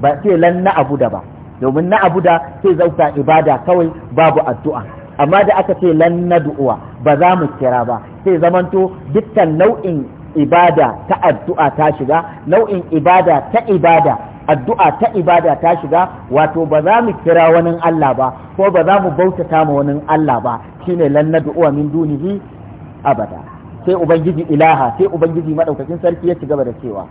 ba ce lan abu da ba domin na abu da sai zauta ibada kawai babu addu'a amma da aka ce lanna da'uwa, ba za mu kira ba sai zamanto dukkan nau'in ibada ta addu'a ta shiga nau'in ibada ta ibada addu'a ta ibada ta shiga wato ba za mu kira wani Allah ba ko ba za mu bautata ma wani Allah ba shine lan nad'u min dunihi abada sai ubangiji ilaha sai ubangiji madaukakin sarki ya ci gaba da cewa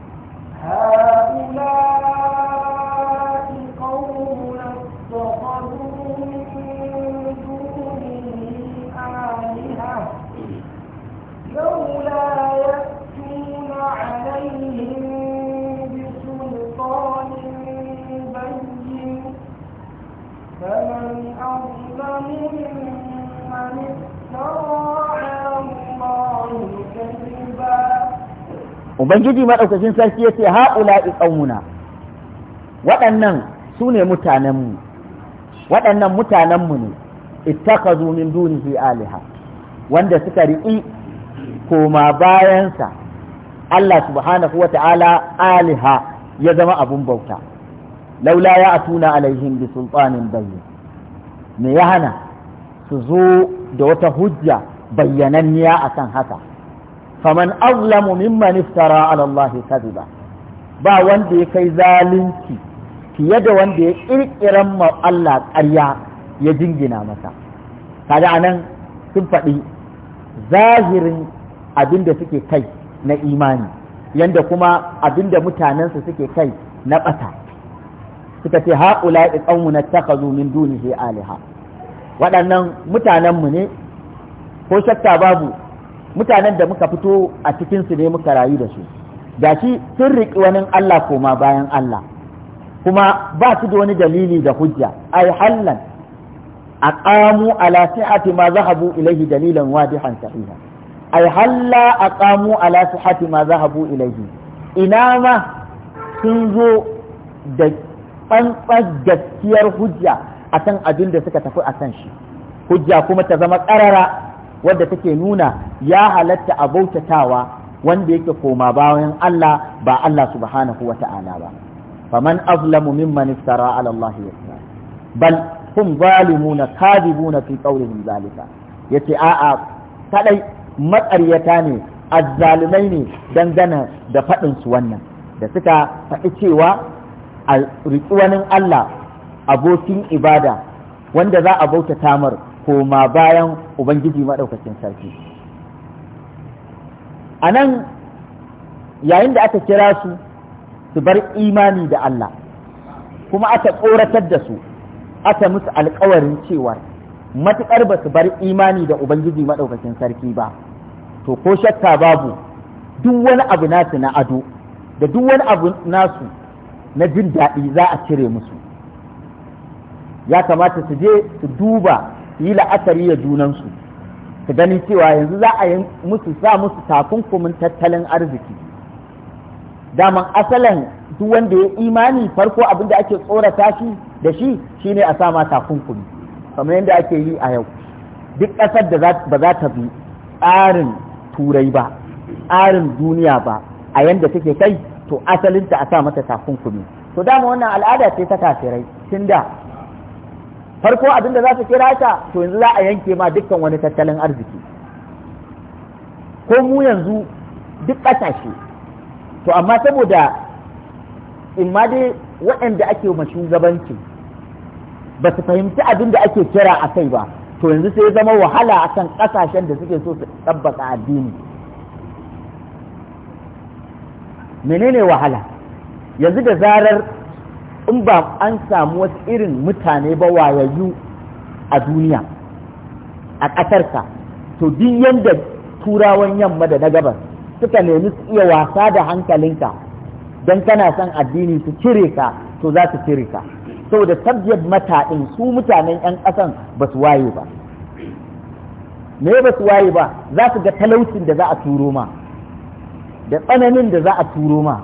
ubangiji madaukakin sarki yace haula qaumuna waɗannan su ne mutanenmu waɗannan mutanenmu ne ittakazu min dunihi aliha wanda suka riƙi koma bayansa Allah subhanahu wa ta'ala aliha ya zama abun bauta laula ya atuna alaihim bi sultanin bayyin me ya hana su zo da wata hujja bayyananniya akan haka faman azlamu mimman iftara ala Allah kadhiba ba wanda ya kai zalunci fiye da wanda ya kirkiran ma Allah ƙarya ya jingina masa kaga anan sun faɗi zahirin abinda suke kai na imani yanda kuma abinda da mutanensu suke kai na ɓata suka ce haƙula ƙaunmu na takazu min dunihi aliha waɗannan mutanenmu ne ko shakka babu mutanen da muka fito a cikin su ne muka rayu da su gashi sun riƙi wani Allah koma bayan Allah kuma ba su da wani dalili da hujja ai hallan aqamu ala sihati ma zahabu ilayhi dalilan wadihan sahiha ai halla aqamu ala sihati ma zahabu ilaihi ina ma sun zo da tsantsar gaskiyar hujja akan abin da suka tafi a kan shi hujja kuma ta zama ƙarara wadda take nuna ya halatta a bautatawa wanda yake koma bayan Allah ba Allah subhanahu ta'ala ba faman azlamu mimman iftara ala Allah yasra bal hum zalimuna kadibuna fi qawlihim zalika yace a'a kadai matsaryata ne azzalumai ne dangane da faɗin su wannan da suka faɗi cewa a riƙi wani Allah abokin ibada wanda za a bauta tamar koma bayan ubangiji maɗaukacin sarki a nan yayin da aka kira su su bar imani da Allah kuma aka tsoratar da su aka musu alkawarin cewa matuƙar ba su bar imani da ubangiji maɗaukacin sarki ba to ko shakka babu duk wani abu nasu na ado da duk wani abu nasu na jin daɗi za a cire musu ya kamata su je su duba yi la'asari da junansu su gani cewa yanzu za a yi musu sa musu takunkumin tattalin arziki daman asalin duk wanda ya imani farko abin da ake tsorata shi da shi shine a sama takunkumi kamar yadda ake yi a yau duk ƙasar da ba za ta bi tsarin turai ba tsarin duniya ba a yadda take kai to asalinta a sa mata takunkumi to dama wannan al'ada ce ta kafirai tun da farko abin da za su kira ta to yanzu za a yanke ma dukkan wani tattalin arziki ko mu yanzu duk ƙasashe to amma saboda in ma dai waɗanda ake ma shugabanci ba su fahimci abin da ake kira a kai ba to yanzu sai zama wahala a kan ƙasashen da suke so su ɗabbaka addini menene wahala yanzu da zarar in ba an samu wasu irin mutane ba wayayyu a duniya a ƙasarsa to duk yadda turawan yamma da na gabas suka nemi su iya wasa da hankalinka don kana son addini su cire ka to za su cire ka saboda subject mata ɗin su mutanen 'yan ƙasan ba su waye ba me ba su waye ba za su ga talaucin da za a turo ma da tsananin da za a turo ma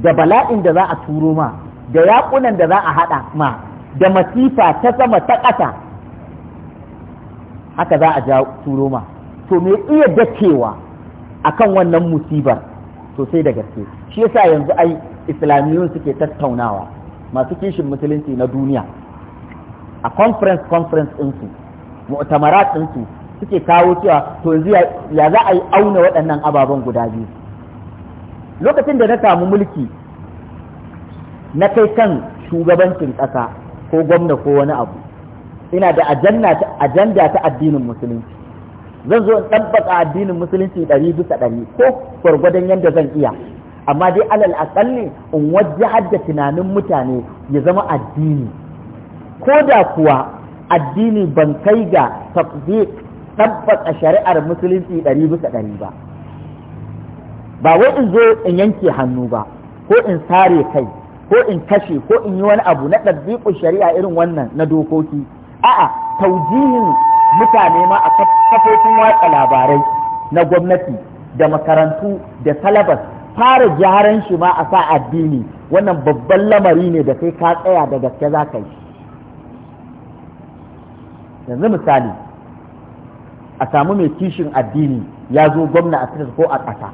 da bala'in da za a turo ma da yakunan da za a haɗa ma da masifa ta sama ta ƙasa haka za a ja turo ma to me iya dakewa akan wannan musibar sosai da gaske shi yasa yanzu ai islamiyun suke tattaunawa masu kishin musulunci na duniya a conference conference ɗinsu mu'tamarat ɗinsu suke kawo cewa to yanzu ya za a yi auna waɗannan ababen guda biyu lokacin da na samu mulki na kai kan shugabancin ƙasa ko gwamna ko wani abu ina da ajanda ta addinin musulunci zan zo in ɗabbaka addinin musulunci ɗari bisa ɗari ko gwargwadon yadda zan iya amma dai alal aƙalli in wajahar da tunanin mutane ya zama addini ko da kuwa addini ban kai ga tafzik ɗabbaka shari'ar musulunci ɗari bisa ɗari ba ba wai in zo in yanke hannu ba ko in sare kai ko in kashe ko in yi wani abu na ɗabiƙun shari'a irin wannan na dokoki a'a taujihin mutane ma a kafofin watsa labarai na gwamnati da makarantu da salabas fara gyaran shi ma a sa addini wannan babban lamari ne da sai ka tsaya da gaske za ka yi yanzu misali a samu mai kishin addini ya zo gwamna a ko a ƙasa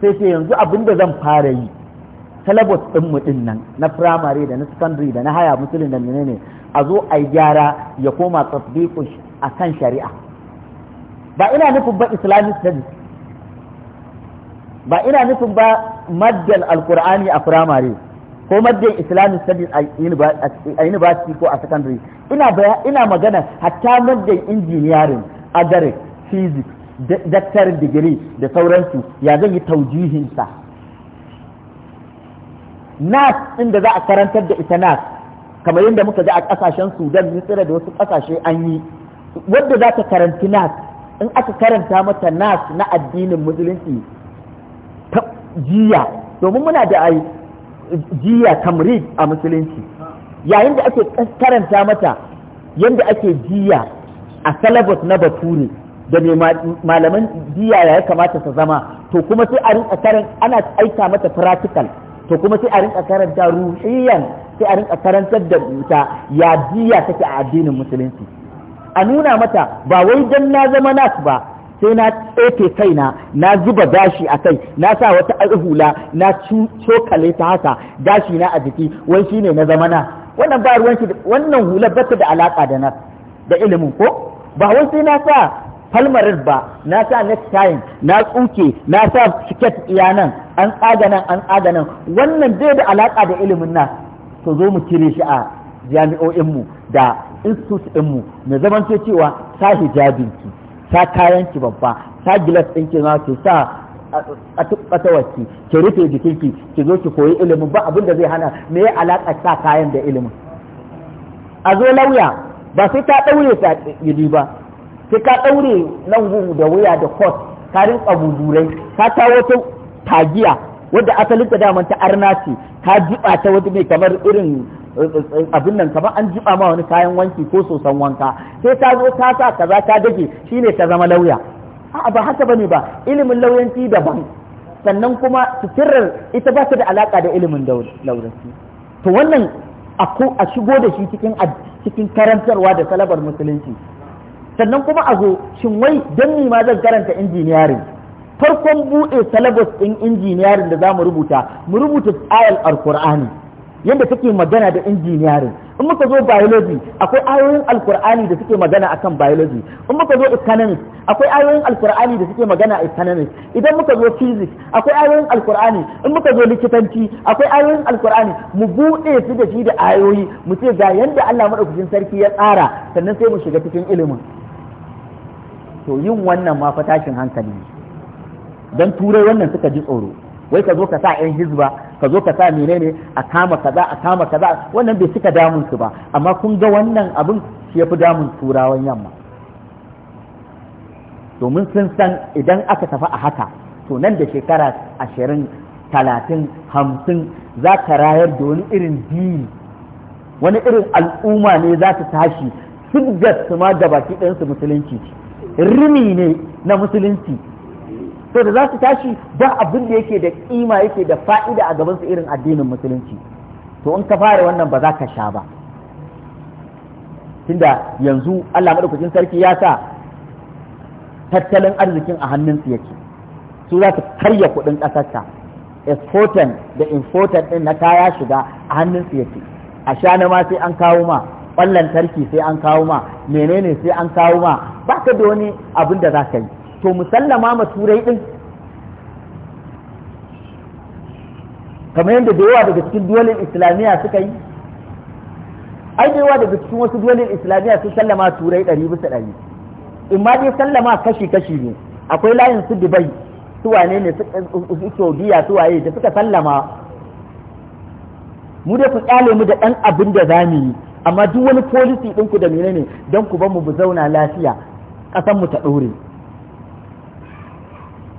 sai sai yanzu abin da zan fara yi talabot ɗin mu ɗin nan na firamare da na secondary da na haya musulun da menene a zo a yi gyara ya koma tasbiqu a kan shari'a ba ina nufin ba islamic studies ba ina nufin ba maddal alkur'ani a firamare ko maddal islamic studies a university ko a secondary ina ina magana hatta maddan engineering agaric physics doctor degree da sauransu ya zan yi taujihinsa nas inda za a karantar da ita nas kamar yadda muka ga a kasashen sudan misira da wasu kasashe an yi wadda za ta karanti nas in aka karanta mata nas na addinin musulunci ta jiya domin muna da ai jiya tamrid a musulunci yayin da ake karanta mata yadda ake jiya a salabat na bature da mai malaman jiya ya kamata ta zama to kuma sai a rinka karin ana aika mata practical to kuma sai a rinka karanta ruhiyan sai a rinka karantar da ita ya diya take a addinin musulunci a nuna mata ba wai dan na zama nas ba sai na tsefe kaina na zuba gashi a kai na sa wata alhula na cokale ta haka gashi na a jiki wai shine na zama na wannan ba ruwan shi wannan hular bata da alaka da na da ilimin ko ba wai sai na sa palmaris ba na sa necktie na tsuke na sa siket iya nan an tsaga nan an tsaga nan wannan zai da alaka da ilimin nan to zo mu cire shi a jami'o'inmu da institute ɗinmu na zaman to cewa sa hijabinki sa kayanki babba sa gilas ɗinki na ki sa a ɓatawarki ki rufe jikinki ki zo ki koyi ilimin ba abin da zai hana me ya alaka sa kayan da ilimin a zo lauya ba sai ta ɗaure ta ba sai ka ɗaure nan da wuya da kot ka rinka buzurai ka ta wata tagiya wadda asalin da daman ta arna ce ka jiba ta wata mai kamar irin eh, eh, eh, abin nan kamar an jiba ma wani kayan wanki ko sosan wanka sai ta zo ta sa kaza ta dage shine ta zama lauya a'a ba haka bane ba ilimin lauyanci daban sannan kuma sitirar ita ba ta da alaka da ilimin lauyanci to wannan a shigo da shi cikin karantarwa da salabar musulunci sannan kuma a zo shin wai don ni ma zan karanta injiniyarin farkon buɗe syllabus ɗin injiniyarin da zamu rubuta mu rubuta ayal alkur'ani yadda take magana da injiniyarin in muka zo biology akwai ayoyin alkur'ani da suke magana akan biology in muka zo economics akwai ayoyin alkur'ani da suke magana a economics idan muka zo physics akwai ayoyin alkur'ani in muka zo likitanci akwai ayoyin alkur'ani mu buɗe su da shi da ayoyi mu ce ga yadda Allah madaukakin sarki ya tsara sannan sai mu shiga cikin ilimin to yin wannan ma fa tashin hankali ne dan turai wannan suka ji tsoro wai ka zo ka sa yan hizba ka zo ka sa menene a kama kaza a kama kaza wannan bai suka damun su ba amma kun ga wannan abin shi yafi damun turawan yamma domin sun san idan aka tafi a haka to nan da shekara ashirin talatin hamsin za ka rayar da wani irin dini wani irin al'umma ne za su tashi su ma da baki ɗansu musulunci ce rini ne na musulunci to da za su tashi ba abin da yake da kima yake da fa'ida a gabansu irin addinin musulunci to in ka fara wannan ba za ka sha ba tunda yanzu Allah madaukakin sarki ya sa tattalin arzikin a hannunsu yake su za su karya kuɗin ƙasarta exporting da infotan ɗin na kaya shiga a hannunsu yake a sha na ma sai an kawo ma Ƙwallon tarki sai an kawo ma menene sai an kawo ma ba ka da wani abin da za ka yi to musallama ma turai ɗin kamar yadda da yawa daga cikin duwalin islamiyya suka yi ai da yawa daga cikin wasu duwalin islamiyya sun sallama turai ɗari bisa ɗari in ma dai sallama kashi kashi ne akwai layin su dubai su wane ne su saudiya su waye da suka sallama mu dai ku kyale mu da ɗan abin da za mu yi amma duk wani policy ɗinku da menene don ku mu mu zauna lafiya ƙasan mu ta ɗore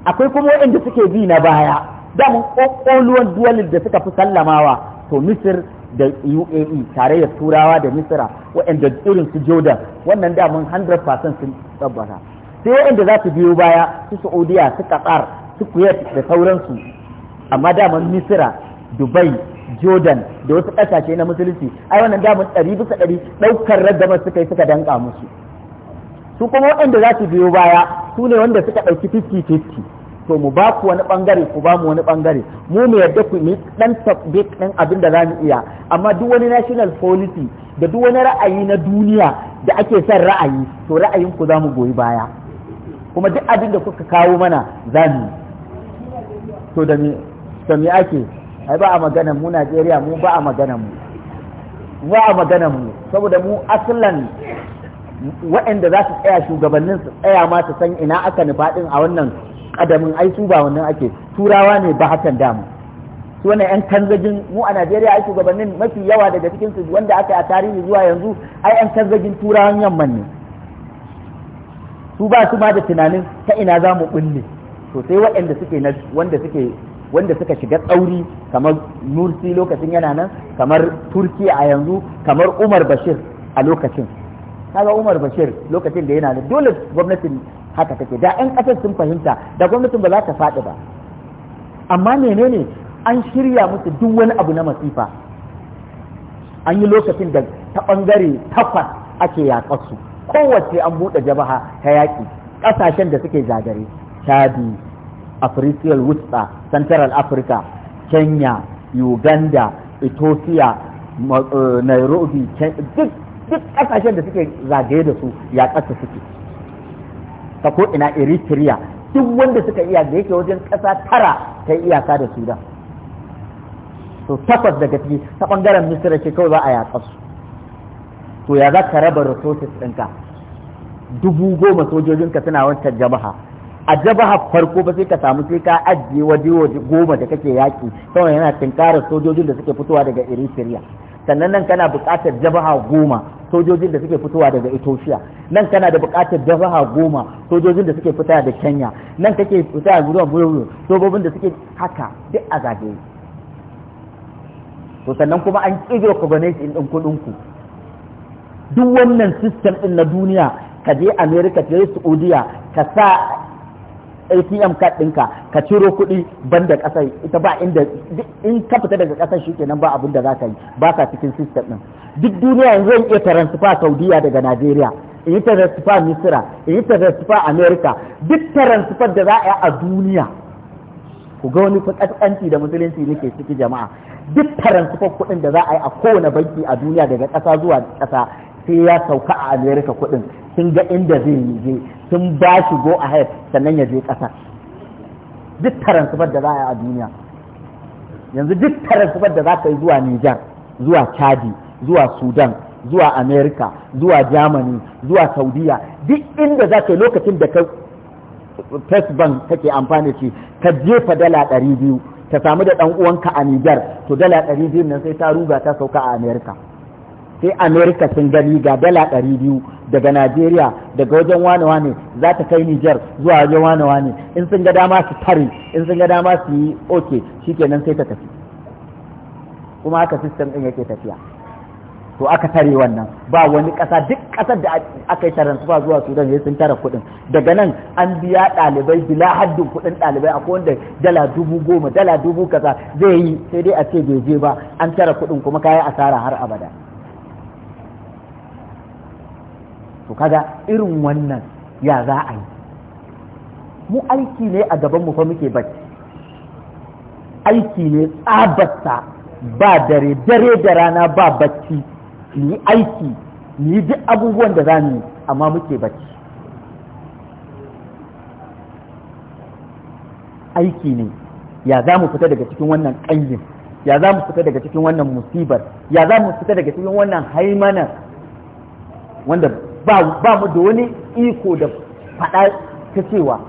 akwai kuma waɗanda suke bi na baya damun ƙoƙoluwan duwalin da suka fi sallamawa to misir da UAE tare da turawa da misira waɗanda irin su Jordan wannan damun 100% sun tabbata sai waɗanda za su biyo baya su Saudiya su Qatar su Kuwait da sauransu amma daman misira Dubai jordan da wasu ƙasashe na musulunci ai wannan damar ɗari bisa ɗari ɗaukar ragamar suka yi suka danka musu su kuma waɗanda za su biyo baya su ne wanda suka ɗauki 50-50 to mu ba ku wani ɓangare ku ba mu wani ɓangare mu mu yadda ku yi ɗan tabbik ɗan abin da za mu iya amma duk wani national policy da duk wani ra'ayi na duniya da ake son ra'ayi to ra'ayin ku za mu goyi baya kuma duk abin da kuka kawo mana za mu to da me ake ai ba a magana mu Najeriya mu ba a magana mu ba a magana mu saboda mu asalan waɗanda za su tsaya shugabannin su tsaya ma su san ina aka nufa din a wannan kadamin ai su ba wannan ake turawa ne ba hakan damu su wannan yan kanzagin mu a Najeriya ai shugabannin mafi yawa daga cikin su wanda aka a tarihi zuwa yanzu ai yan kanzagin turawan yamman ne su ba su ma da tunanin ta ina za mu bulle to sai waɗanda suke na wanda suke wanda suka shiga tsauri kamar Mursi lokacin yana nan kamar Turki a yanzu kamar Umar Bashir a lokacin kaga Umar Bashir lokacin da yana nan dole gwamnatin haka take da 'yan ƙasar sun fahimta da gwamnatin ba za ta faɗi ba amma menene an shirya musu duk wani abu na masifa an yi lokacin da ta ɓangare takwas ake yaƙarsu kowace an buɗe jabaha ta yaƙi ƙasashen da suke zagare shadi africiyar wutsa central africa kenya uganda ethiopia eh, nairobi duk kasashen da suke zagaye da su ya ƙasa suke ta ko ina eritrea duk wanda suka iya da yake wajen ƙasa tara ta iyaka da sudan to takwas daga ciki ta bangaren misira ce kawai za a yaƙa su to ya za ka raba resources ɗinka dubu goma sojojinka suna wancan jama'a a jabaha farko ba sai ka samu sai ka ajiye waje waje goma da kake yaki saboda yana tinkarar sojojin da suke fitowa daga Eritrea sannan nan kana buƙatar jabaha goma sojojin da suke fitowa daga Ethiopia nan kana da buƙatar jabaha goma sojojin da suke fitowa da Kenya nan kake fita gurin gurin sojojin da suke haka duk a zagaye to sannan kuma an kige coordination din kuɗin ku duk wannan system ɗin na duniya ka je America ka je Saudiya ka sa ATM card ɗinka ka ciro kuɗi banda ƙasar ita ba inda in ka fita daga ƙasar shikenan ba abin da za ka yi ba ka cikin system ɗin duk duniya yanzu zan iya transfer Saudiya daga Najeriya in yi transfer Misira in yi transfer America duk transfer da za a yi a duniya ku ga wani kaskanci da musulunci nake ciki jama'a duk transfer kuɗin da za a yi a kowane banki a duniya daga ƙasa zuwa ƙasa sai ya sauka a amerika kuɗin sun ga inda zai yi sun ba shi go ahead sannan ya je ƙasa duk sufar da za a yi a duniya yanzu duk sufar da za ka yi zuwa Nijar zuwa Chadi zuwa Sudan zuwa Amerika zuwa Germany zuwa Saudiya duk inda za ka yi lokacin da ka first bank kake amfani shi ka jefa dala ɗari biyu ta samu da ɗan uwanka a Nijar to dala ɗari biyu nan sai ta ruga ta sauka a Amerika. sai america sun gani ga dala ɗari biyu daga najeriya daga wajen wane wane za ta kai nijar zuwa wajen wane wane in sun ga dama su tare in sun ga dama su yi oke shikenan sai ta tafi kuma haka sistem ɗin yake tafiya to aka tare wannan ba wani ƙasa duk ƙasar da aka yi taron ba zuwa sudan sai sun tara kuɗin daga nan an biya ɗalibai bila haddin kuɗin ɗalibai akwai wanda dala dubu goma dala dubu kaza zai yi sai dai a ce bai je ba an tara kuɗin kuma kayan asara har abada to kaga irin wannan ya za a yi mu aiki ne a gaban mu fa muke bacci aiki ne tsabarsa ba dare dare da rana ba bacci mu yi aiki mu yi duk abubuwan da za mu yi amma muke bacci aiki ne ya za mu fita daga cikin wannan ƙangin ya za mu fita daga cikin wannan musibar ya za mu fita daga cikin wannan haimanar wanda ba mu da wani iko da faɗa ta cewa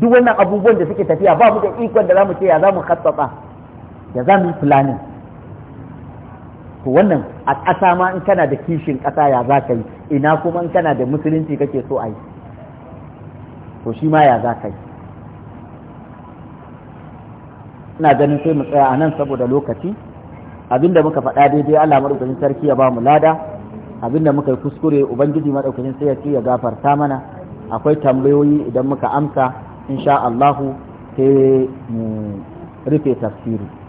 duk wannan abubuwan da suke tafiya ba mu da ikon da za mu ce ya za mu hatsatsa ya za mu planning wannan a ƙasa ma in kana da kishin ƙasa ya za ka yi ina kuma in kana da musulunci kake so a yi to shi ma ya za ka yi ina ganin sai mu tsaya a nan saboda lokaci abinda muka faɗa daidai Allah madaukakin sarki ya ba mu lada abin da muka yi kuskure ubangiji madaukakin sai ya ci ya gafarta mana akwai tambayoyi idan muka amsa insha Allahu sai mu rufe tafsiri